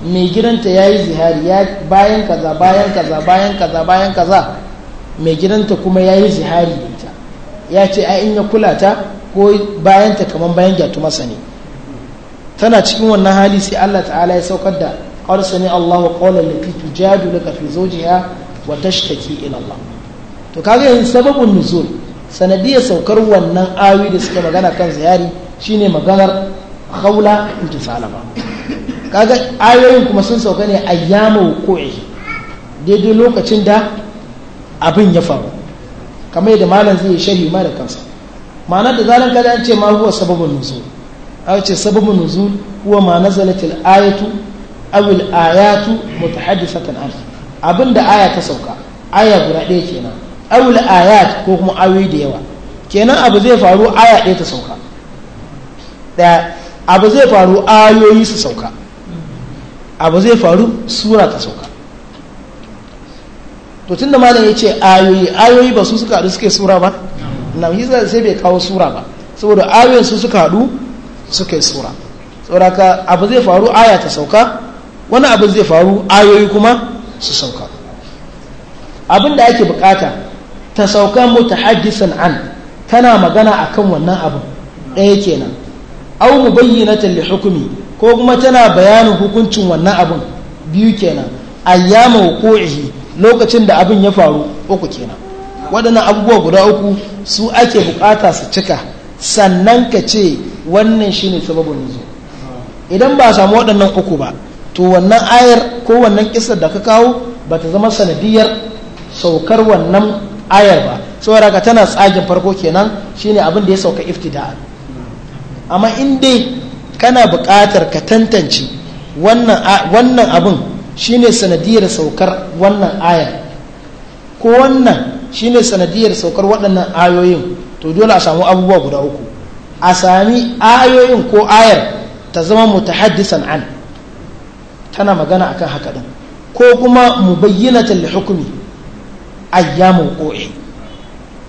mai gidanta ya yi zihari bayan kaza bayan kaza bayan kaza bayan kaza mai gidanta kuma ya yi zihari da ita ya ce a in ya kula ta ko bayanta kamar bayan gyatu masa ne tana cikin wannan hali sai Allah ta'ala ya saukar da qad allah Allahu qawlan lati tujadu laka fi zawjiha wa tashtaki ila Allah to kaga yin sababun nuzul sanadiyar saukar wannan awi da suka magana kan ziyari shine maganar khawla salama kaga ayoyin kuma sun sauka ne ayyamu ku'i daidai lokacin da abin ya faru kamar yadda malam zai sharhi ma da kansa ma'anar da zaran kada an ce ma huwa sababu nuzul a ce sababu nuzul huwa ma nazalatil ayatu awil ayatu mutahaddisatan an abinda aya ta sauka aya guda ɗaya kenan awil ayat ko kuma ayoyi da yawa kenan abu zai faru aya ɗaya ta sauka ɗaya abu zai faru ayoyi su sauka abu zai faru sura ta sauka to tunda malam ya ce ayoyi ayoyi ba su suka da suke sura ba na hizba sai bai kawo sura ba saboda ayoyin su suka haɗu suka yi sura saboda abu zai faru aya ta sauka wani abu zai faru ayoyi kuma su sauka abin da ake bukata ta sauka mutahaddisan an tana magana akan wannan abu ɗaya kenan au mu bayyana Talle hukumi ko kuma tana bayanin hukuncin wannan abin? biyu kenan ayyama wuqu'ihi lokacin da abin ya faru uku kenan waɗannan abubuwa guda uku su ake bukata su cika sannan ka ce wannan shi ne sababin nuzul idan ba a samu waɗannan uku ba to wannan ayar ko wannan kisar da ka kawo ba ta zama sanadiyar saukar wannan ayar ba saboda ka tana tsagin farko kenan shine abin da ya sauka iftida'a amma in dai kana buƙatar ka tantance wannan abin shine sanadiyar saukar wannan ayar ko wannan shine sanadiyar saukar waɗannan ayoyin to dole a samu abubuwa guda uku a sami ayoyin ko ayar ta zama mutahaddisan an tana magana akan haka ɗin ko kuma mubayyinatan li hukmi ayyamun qo'i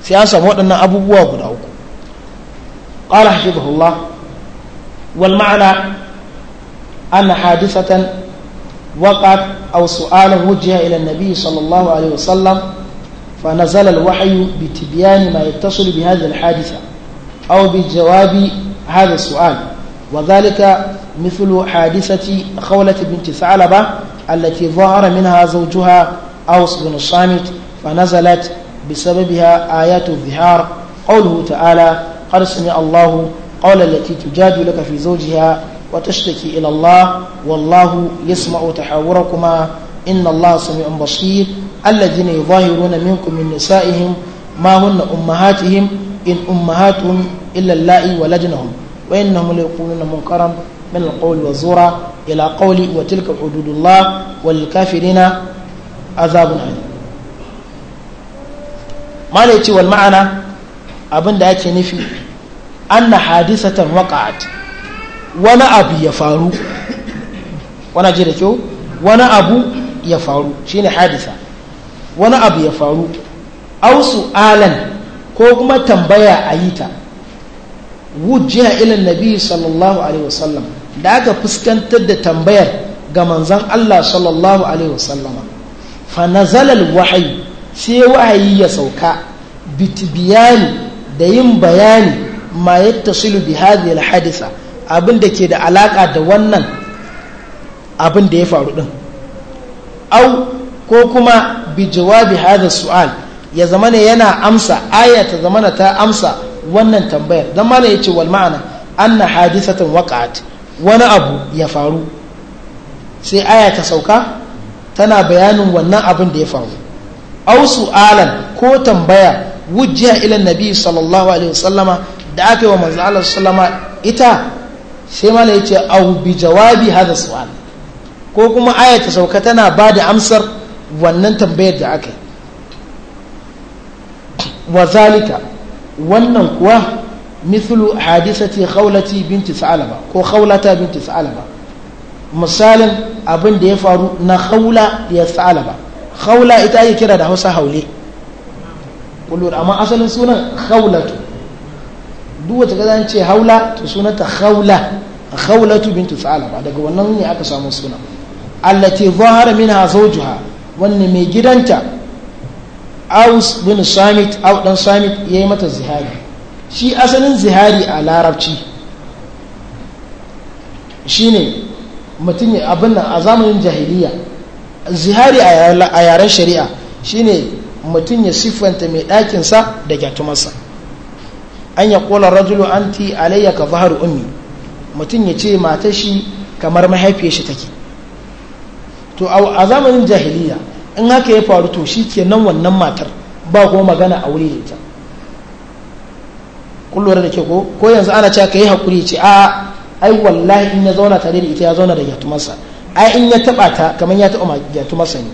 sai an samu waɗannan abubuwa guda uku haƙi hafizahullah wal ma'ana an hadisatan waƙat aw su'alan wujiha ila an-nabi sallallahu alaihi wasallam فنزل الوحي بتبيان ما يتصل بهذه الحادثة أو بجواب هذا السؤال وذلك مثل حادثة خولة بنت ثعلبة التي ظهر منها زوجها أوس بن الصامت فنزلت بسببها آيات الظهار قوله تعالى قد سمع الله قول التي تجادلك في زوجها وتشتكي إلى الله والله يسمع تحاوركما إن الله سميع بصير allazi ne zahiru na min nisa'ihim ma hunna ummahatihim in ummahatun illa la'i wa lajnahum wa innahum la yaquluna wal kafirina ma'ana abinda yake nufi anna hadisatan waqa'at wani abu ya faru wani jira kyau wani abu ya faru shine hadisa wani abu ya faru ausu alan ko kuma tambaya a yi ta wujjiya ilan nabi sallallahu alaihi wasallam da aka fuskantar da tambayar ga manzan Allah sallallahu alaihi wasallam fa nazalal wahayi sai wahayi ya sauka bitibiyani da yin bayani ma yattasilu bi hadhihi alhadisa abin da ke da alaka da wannan abin da ya faru ɗin, au ko kuma bi jawabi hada su'al ya zama ne yana amsa aya ta zama ta amsa wannan tambayar don mana ya ce wal ma'ana anna hadisatan waqa'at wani abu ya faru sai aya ta sauka tana bayanin wannan abin da ya faru au su'alan ko tambaya wujja ila nabi sallallahu alaihi wasallama da aka yi wa manzo Allah sallama ita sai mana yace au bi jawabi hada su'al ko kuma aya ta sauka tana ba da amsar wannan tambayar da aka yi wa zalika wannan kuwa mithlu hadisati khawlati binti sa'alaba ko khawlata binti sa'alaba misalin abin da ya faru na khawla ya sa'alaba khawla ita ake kira da hausa haule kullum amma asalin sunan khawlatu duk wata gaza ce haula to sunanta khawla khawlatu binti sa'alaba daga wannan ne aka samu sunan allati zahara minha zawjuha wanne mai gidanta aus bin samit au dan samit ya yi mata zihari shi asalin zihari a larabci shi ne mutum abin nan a zamanin jahiliya zihari a yaren shari'a shi ne mutum ya siffanta mai ɗakinsa da gyatumarsa an ya ƙola rajulu anti alayyaka ka zahar ummi mutum ya ce mata shi kamar mahaifiyar shi take to a zamanin jahiliya in haka ya faru to shi ke nan wannan matar ba kuma magana aure wuri ita kullum da ke ko yanzu ana cewa yi hakuri ce a ai wallahi in ya zauna tare da ita ya zauna da gyatumarsa ai in ya taɓa ta kamar ya taɓa gyatumarsa ne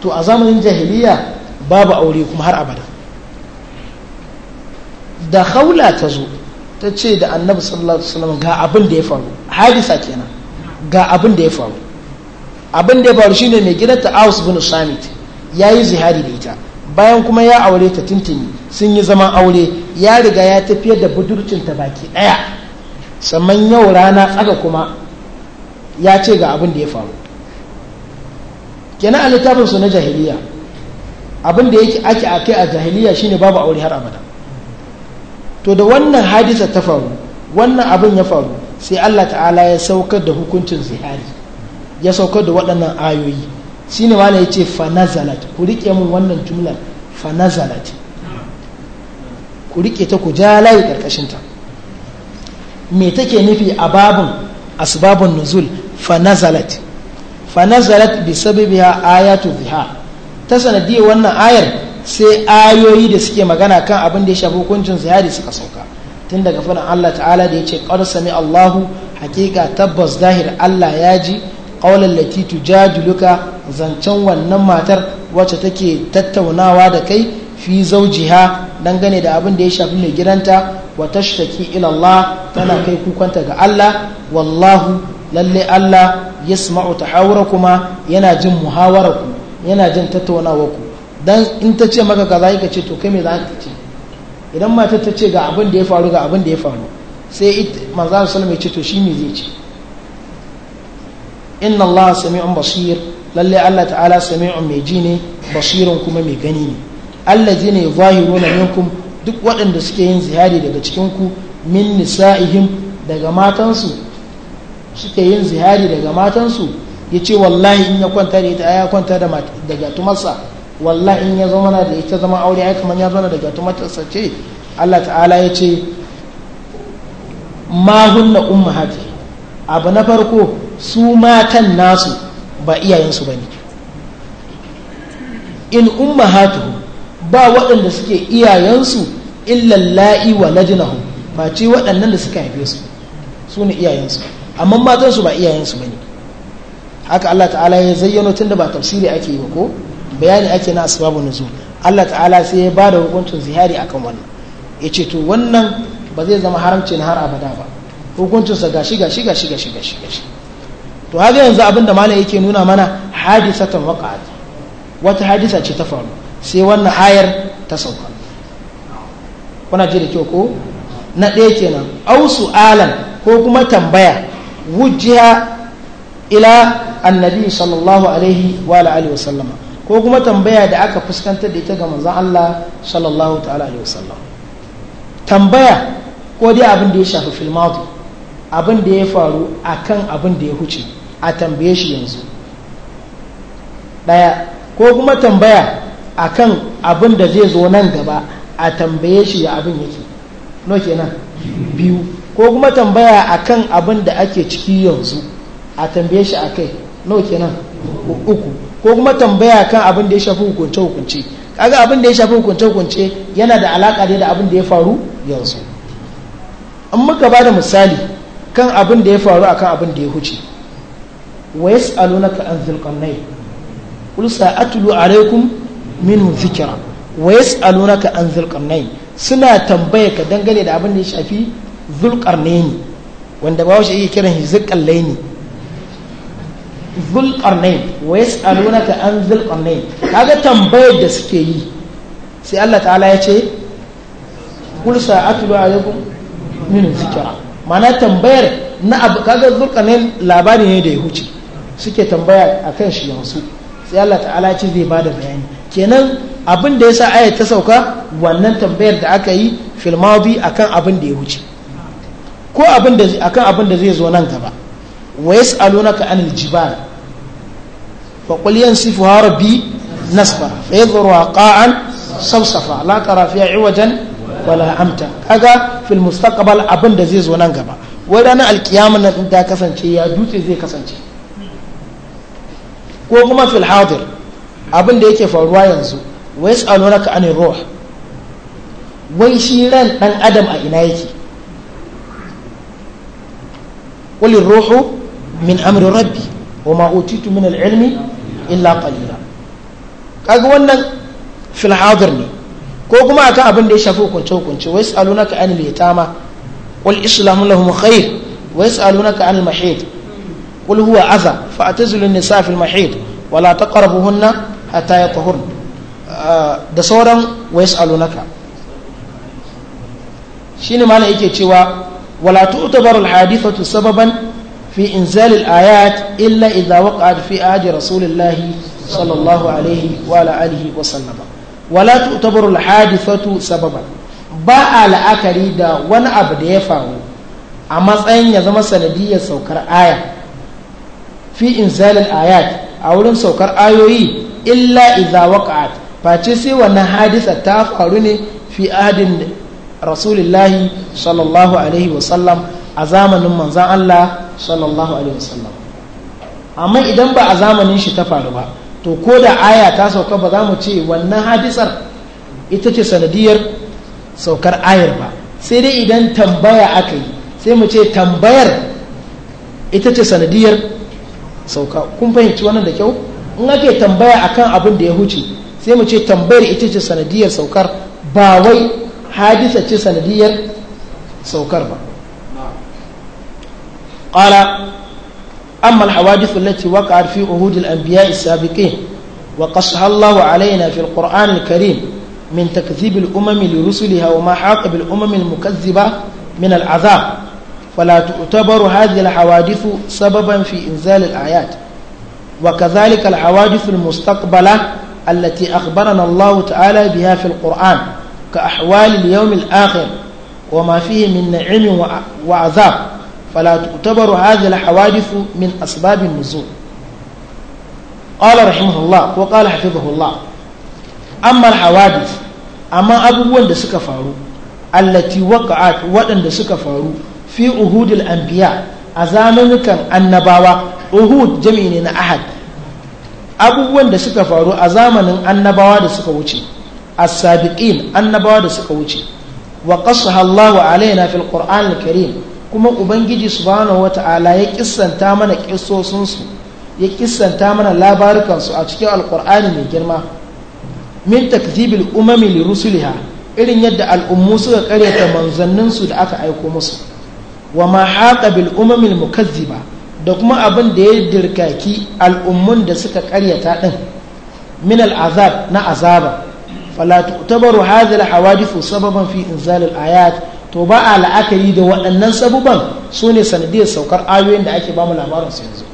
to a zamanin jahiliya babu aure kuma har abada da haula ta zo ta ce da annabi sallallahu alaihi wasallam ga abin da ya faru hadisa kenan ga abin da ya faru abin da ya faru shine mai gidanta aus bin samit ya yi zihari da ita bayan kuma ya aure ta tintini sun yi zaman aure ya riga ya tafiyar da budurcinta baki ɗaya saman yau rana tsaga kuma ya ce ga abin da ya faru kenan a littafinsu na jahiliya abin da yake ake a kai a jahiliya shine babu aure har abada to da wannan hadisa ta faru wannan abin ya faru sai Allah ta'ala ya saukar da hukuncin zihari ya saukar da waɗannan ayoyi shi ne ya ce fanazalat ku riƙe mun wannan jumlar fanazalat ku riƙe ta ku ja ƙarƙashinta me take nufi a babin asbabun nuzul fanazalat fanazalat bi sababiha ayatu ziha ta sanadiyar wannan ayar sai ayoyi da suke magana kan abin da ya shafi hukuncin zihari suka sauka tun daga faɗin Allah ta'ala da ya ce ƙar sami Allahu hakika tabbas zahir Allah ya ji ƙaunar lati tujadiluka zancen wannan matar wacce take tattaunawa da kai fi zaujiha dangane da abin da ya shafi mai gidanta wa shaki ilallah tana kai kukanta ga Allah wallahu lalle Allah ya yasma'u kuma yana jin ku yana jin tattaunawarku dan in ta ce maka kaza ka ce to kai me za ka ce idan matar ta ce ga abin da ya faru ga abin da ya faru sai manzo sallallahu ya ce to shi me zai ce inna Allah sami'un basir lalle Allah ta'ala sami'un mai ji ne basirin kuma mai gani ne Allah ji ne na minkum duk waɗanda suke yin zihari daga cikinku min nisa'ihim daga matansu suke yin zihari daga matansu ya ce wallahi in ya kwanta da ita ya kwanta da daga tumarsa wallahi in ya zo mana da ita zama aure ai kamar ya zo daga wata matarsa ce Allah ta'ala ya ce ma hunna ummahati abu na farko su matan nasu ba iyayensu bane in ummahatuhum ba waɗanda suke iyayensu illalla'i wa lajinahu ce waɗannan da suka haife su su ne iyayensu amma matansu ba iyayensu ba ne haka Allah ta'ala ya zayyano tun da ba tafsiri ake yi ba ko bayani ake na asbabun nuzul Allah ta'ala sai ya ba da hukuncin zihari akan wannan yace to wannan ba zai zama haramci na har abada ba hukuncin sa gashi gashi gashi gashi gashi gashi to haka yanzu abin da malam yake nuna mana hadisatan waqa'at wata hadisa ce ta faru sai wannan ayar ta sauka kuna ji da kyau ko na ɗaya kenan au alan ko kuma tambaya wujiya ila annabi sallallahu alaihi wa alihi wa ko kuma tambaya da aka fuskantar da ita ga manzan Allah sallallahu ta'ala alaihi wasallam tambaya ko dai abin da ya shafi filmatu abin da ya faru akan abin da ya huce a tambaye shi yanzu Ɗaya ko kuma tambaya akan abin da zai zo nan gaba a tambaye shi ya abin yake no kenan biyu ko kuma tambaya akan abin da ake ciki yanzu a tambaye shi a kai no kenan uku ko kuma tambaya kan abin da ya shafi hukunce hukunce kaga abin da ya shafi hukunce hukunce yana da alaka ne da abin da ya faru yanzu An muka ba da misali kan abin da ya faru akan abin da ya huce wa yas'alunaka an dhil qarnayn qul sa'atlu alaykum minhu dhikra wa yas'alunaka an dhil qarnayn suna tambaye ka dangane da abin da ya shafi dhul qarnayn wanda ba shi yake kiran shi ne. zulqarnain wa ka an zulqarnain kaga tambayar da suke yi sai Allah ta'ala ya ce qul a alaykum minin zikra ma'ana tambayar na abu kaga zulqarnain labari ne da ya huce suke tambaya a kan shi yanzu sai Allah ta'ala ya ce zai bada bayani kenan abin da sa ayat ta sauka wannan tambayar da aka yi fil a akan abin da ya huce ko abin da akan abin da zai zo nan gaba wa yas'alunaka anil jibal fa qul yansifuha rabbi nasfa fa yadhruha qa'an sawsafa la tara fiha iwajan wala amta kaga fil mustaqbal abin zai zo nan gaba wai ranar alkiyama nan ta kasance ya dutse zai kasance ko kuma fil hadir yake faruwa yanzu wai tsalonaka anir ruh wai shi ran dan adam a ina yake qul ruhu min amri rabbi wa ma utitu min al illa qalila kaga wannan fil hadir ne ko kuma akan abin da ya shafi hukunce hukunce wa yasalunaka anil yatama qul islamu lahum khair wa yasalunaka anil mahid قل هو أذى فأتزل النساء في المحيط ولا تقربهن hatta يطهرن ah, da sauran wa yas'alunaka shine malam yake cewa wala tu'tabaru al-hadithatu sababan في إنزال الآيات إلا إذا وقعت في عهد رسول الله صلى الله عليه وعلى آله وسلم ولا تعتبر الحادثة سببا باء لأكري دا وانا أبدا يفعل أما سأين يزم سندية سوكر آية في إنزال الآيات أولا سوكر آيوي إلا إذا وقعت فاتسي وانا حادثة تافقرني في عهد رسول الله صلى الله عليه وسلم أزامن من زان الله sallallahu alaihi wasallam amma idan ba a zamanin shi ta faru ba to ko da aya ta sauka ba za mu ce wannan hadisar ita ce sanadiyar saukar ayar ba sai dai idan tambaya aka yi sai mu ce tambayar ita ce sanadiyar sauka kun fahimci wannan da kyau in ake tambaya akan abin da ya huce sai mu ce tambayar ita ce sanadiyar saukar ba wai hadisa ce sanadiyar saukar ba قال أما الحوادث التي وقعت في عهود الأنبياء السابقين وقصها الله علينا في القرآن الكريم من تكذيب الأمم لرسلها وما حاق بالأمم المكذبة من العذاب فلا تعتبر هذه الحوادث سببا في إنزال الآيات وكذلك الحوادث المستقبلة التي أخبرنا الله تعالى بها في القرآن كأحوال اليوم الآخر وما فيه من نعيم وعذاب فلا تعتبر هذه الحوادث من أسباب النزول قال رحمه الله وقال حفظه الله أما الحوادث أما أبوان دا سكا فارو التي وقعت ودن دا سكا فارو في أهود الأنبياء أزامن كان النباوة أهود جميعنا أحد abubuwan da suka faru a zamanin annabawa da suka wuce as-sabiqin annabawa da suka wuce wa qasaha Allahu alaina fil Qur'an al-Karim kuma ubangiji subhanahu wata'ala ya kissanta mana kissosinsu ya kissanta mana labarukansu a cikin alkur'ani mai girma min takzibil umami li rusuliha irin yadda al'ummu suka karyata manzanninsu da aka aiko musu wa ma haqa bil umamil mukazziba da kuma abin da ya dirkaki al'ummun da suka karyata din min al'azab na azaba fala tu'tabaru hadhihi al-hawadithu sababan fi inzal al-ayat to ba a la'akari da waɗannan sabuban su ne sanadiyar saukar ayoyin da ake bamu labarin su yanzu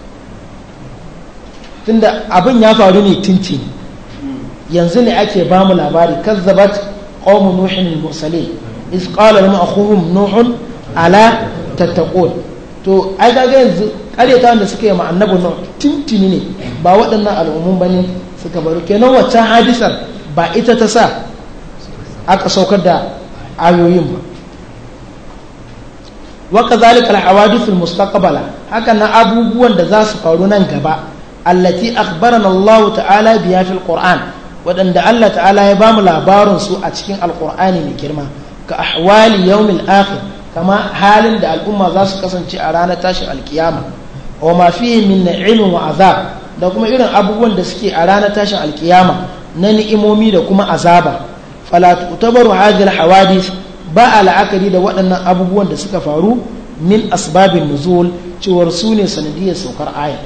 tunda abin ya faru ne tintin yanzu ne ake bamu labari kazzabat qaumu nuhin mursalin iz qala lahum akhuhum nuhun ala tattaqun to ai ga yanzu karyata wanda suka yi ma annabi nuh ne ba waɗannan al'ummun bane suka baro kenan waccan hadisar ba ita ta sa aka saukar da ayoyin ba wa kazalika al-hawadith al-mustaqbala haka na abubuwan da za su faru nan gaba allati akhbarana Allah ta'ala biya fil Qur'an waɗanda Allah ta'ala ya bamu labarin su a cikin alƙur'ani mai girma ka ahwali yawmil akhir kama halin da al'umma za su kasance a ranar tashin alkiyama wa ma fihi min na'imin wa azab da kuma irin abubuwan da suke a ranar tashin alkiyama na ni'imomi da kuma azaba fala tutabaru hadhihi al-hawadith ba a la'akari da waɗannan abubuwan da suka faru min asbabin nuzul cewar su ne sanadiyar saukar aya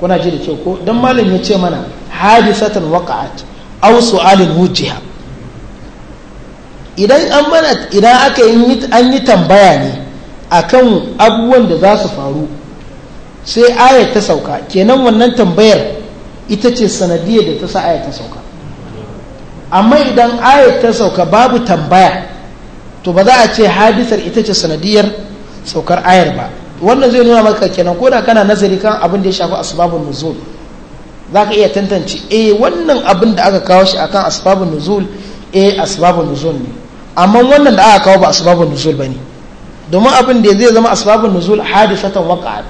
kuna ji da kyau ko don malam ya ce mana hadisatan waqa'at aw alin wujiha idan an mana idan aka yi an yi tambaya ne akan abubuwan da za su faru sai aya ta sauka kenan wannan tambayar ita ce sanadiyar da ta sa aya ta sauka amma idan ayat ta sauka babu tambaya to ba za a ce hadisar ita ce sanadiyar saukar ayar ba wannan zai nuna maka kenan ko da kana nazari kan abin da ya shafi asbabun nuzul za ka iya tantance eh wannan abin da aka kawo shi akan asbabun nuzul eh asbabun nuzul ne amma wannan da aka kawo ba asbabun nuzul bane domin abin da zai zama asbabun nuzul hadisatan waqa'at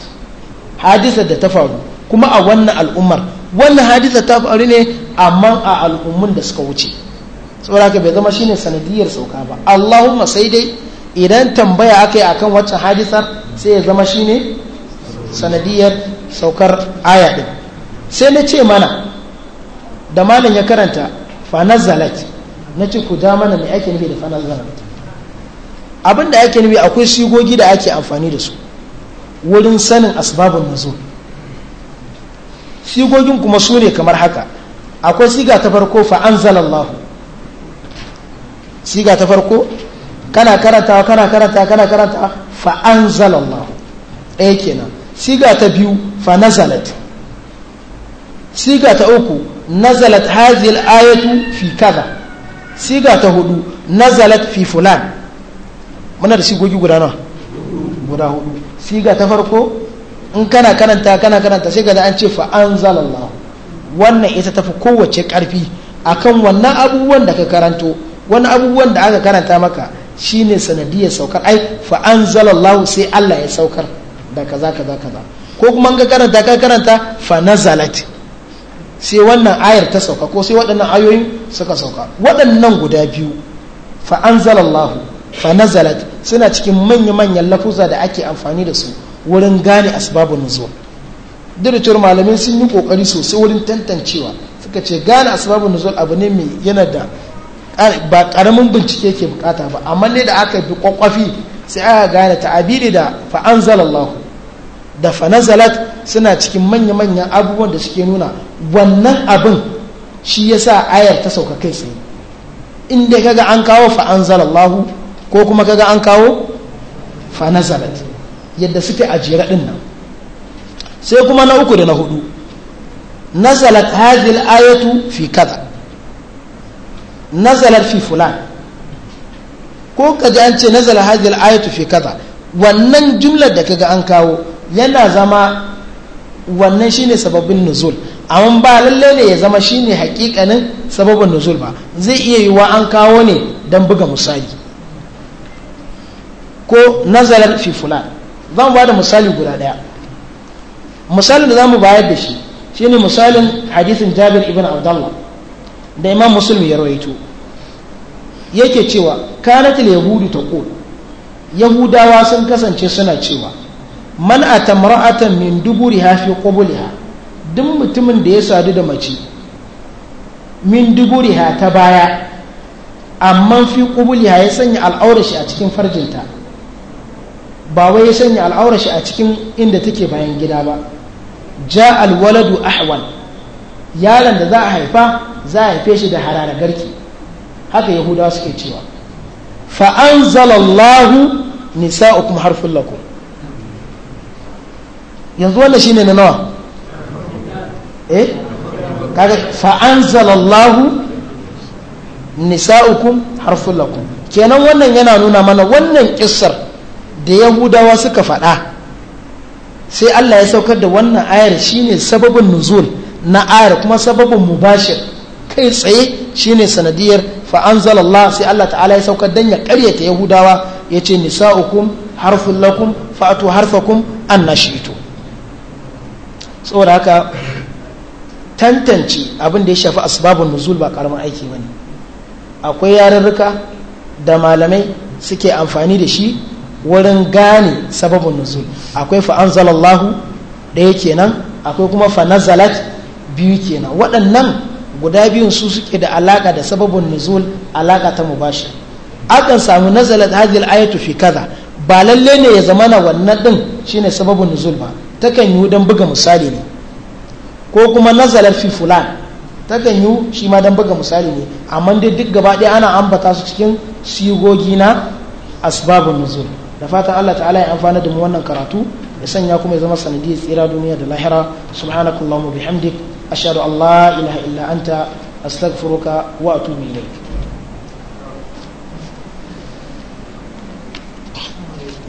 hadisar da ta faru kuma a wannan al'ummar wannan hadisa ta faru ne amma a al'ummun da suka wuce tsoron ka bai zama shi ne sanadiyar sauka ba Allahumma sai dai idan tambaya aka yi kan waccan hadisar sai ya zama shi ne sanadiyar saukar aya ɗin. sai na ce mana da malam ya karanta fanazalat na ce ku dama na mai ake nufi da fanazalat abinda ake nufi akwai shigogi da ake amfani da su wurin sanin asbabun nazo. sigogin kuma su ne kamar haka akwai siga ta farko fa zalallahu siga ta farko kana karanta kana karanta kana karanta fa zalallahu ɗaya kenan siga ta biyu fa nazalat siga ta uku nazalat hazil ayatu fi kaza siga ta hudu nazalat fi fulan muna da sigogi guda na guda hudu siga ta farko in kana karanta kana karanta sai ga an ce fa wannan ita tafi kowace karfi akan wannan abubuwan da ka karanto wani abubuwan da aka karanta maka shine sanadiyar saukar ai fa anzalallahu sai Allah ya saukar da kaza kaza kaza ko kuma ka karanta ka karanta fa nazalat sai wannan ayar ta sauka ko sai waɗannan ayoyin suka sauka waɗannan guda biyu fa fanazalat fa nazalat suna cikin manya-manyan lafuza da ake amfani da su wurin gane asibabin nuzul duk da cewar malamai sun yi kokari sosai wurin tantancewa suka ce gane asbabun nuzul abu ne mai yana da ba karamin bincike ke bukata ba amma ne da aka bi kwakwafi sai aka gane ta'abiri da fa'anzalallahu da fanazalat suna cikin manya-manyan abubuwan da suke nuna wannan abin shi ya sa ayar ta sauka kai tsaye inda kaga an kawo fa'anzalallahu ko kuma kaga an kawo fanazalat yadda suke a jere nan sai kuma na uku da na hudu nazalat hadhihi ayatu fi kaza nazalat fi fulan ko ka ji an ce nazalat hadhihi ayatu fi kaza wannan jumlar da kaga an kawo yana zama wannan shine sababbin nuzul amma ba lalle ne ya zama shine hakikanin sababin nuzul ba zai iya yiwa an kawo ne don buga misali ko nazarar fi fulan za mu ba da misali guda ɗaya misalin da za bayar da shi shine misalin hadisin jabir ibn abdullah da imam muslim ya rawaito yake cewa kanatul yahudu taqul yahudawa sun kasance suna cewa man atamra'atan min riha fi qubliha duk mutumin da ya sadu da mace min duburiha ta baya amma fi qubliha ya sanya al'aurashi a cikin farjinta ba wai ya sanya al'aurar shi a cikin inda take bayan gida ba ja alwaladu ahwal yaron da za a haifa za a haife shi da harara garki haka yahudawa suke cewa fa an anzalallahu nisa'ukum harfun lakum yanzu wannan ne na nawa eh kaga fa anzalallahu nisa'ukum harfun lakum kenan wannan yana nuna mana wannan kissar da yahudawa suka faɗa sai allah ya saukar da wannan ayar shine sababin nuzul na ayar kuma sababin mubashir kai tsaye shine sanadiyar fa'anzalallah sai allah ta'ala ya saukar don ya karyata yahudawa ya ce nisa'ukum harfin lakum fa'atu harfakum an saboda haka tantance abin da ya shafi asbabun nuzul ba karamin aiki ba akwai yarurruka da malamai suke amfani da shi wurin gane sababin nuzul akwai fa anzalallahu ɗaya kenan akwai kuma fa nazalat biyu kenan waɗannan guda biyun su suke da alaka da sababin nuzul alaka ta mubashi akan samu nazalat hadhihi ayatu fi kaza ba lalle ne ya zama na wannan din shine sababin nuzul ba takan yi don buga misali ne ko kuma nazalar fi fulan takan yi shi ma don buga misali ne amma dai duk gaba ɗaya ana ambata su cikin sigogi na asbabun nuzul da fatan Allah ta'ala ya amfana da mu wannan karatu ya sanya kuma ya zama sanadiyar tsira duniya da lahira subhanakallahumma bihamdik ashhadu an la ilaha illa anta astaghfiruka wa atubu ilayk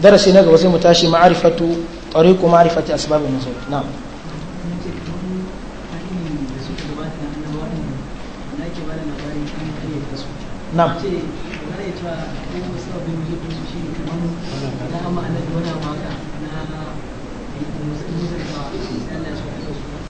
darasi na gaba sai mu tashi ma'arifatu tariqu ma'rifati asbabin nuzul na'am na'am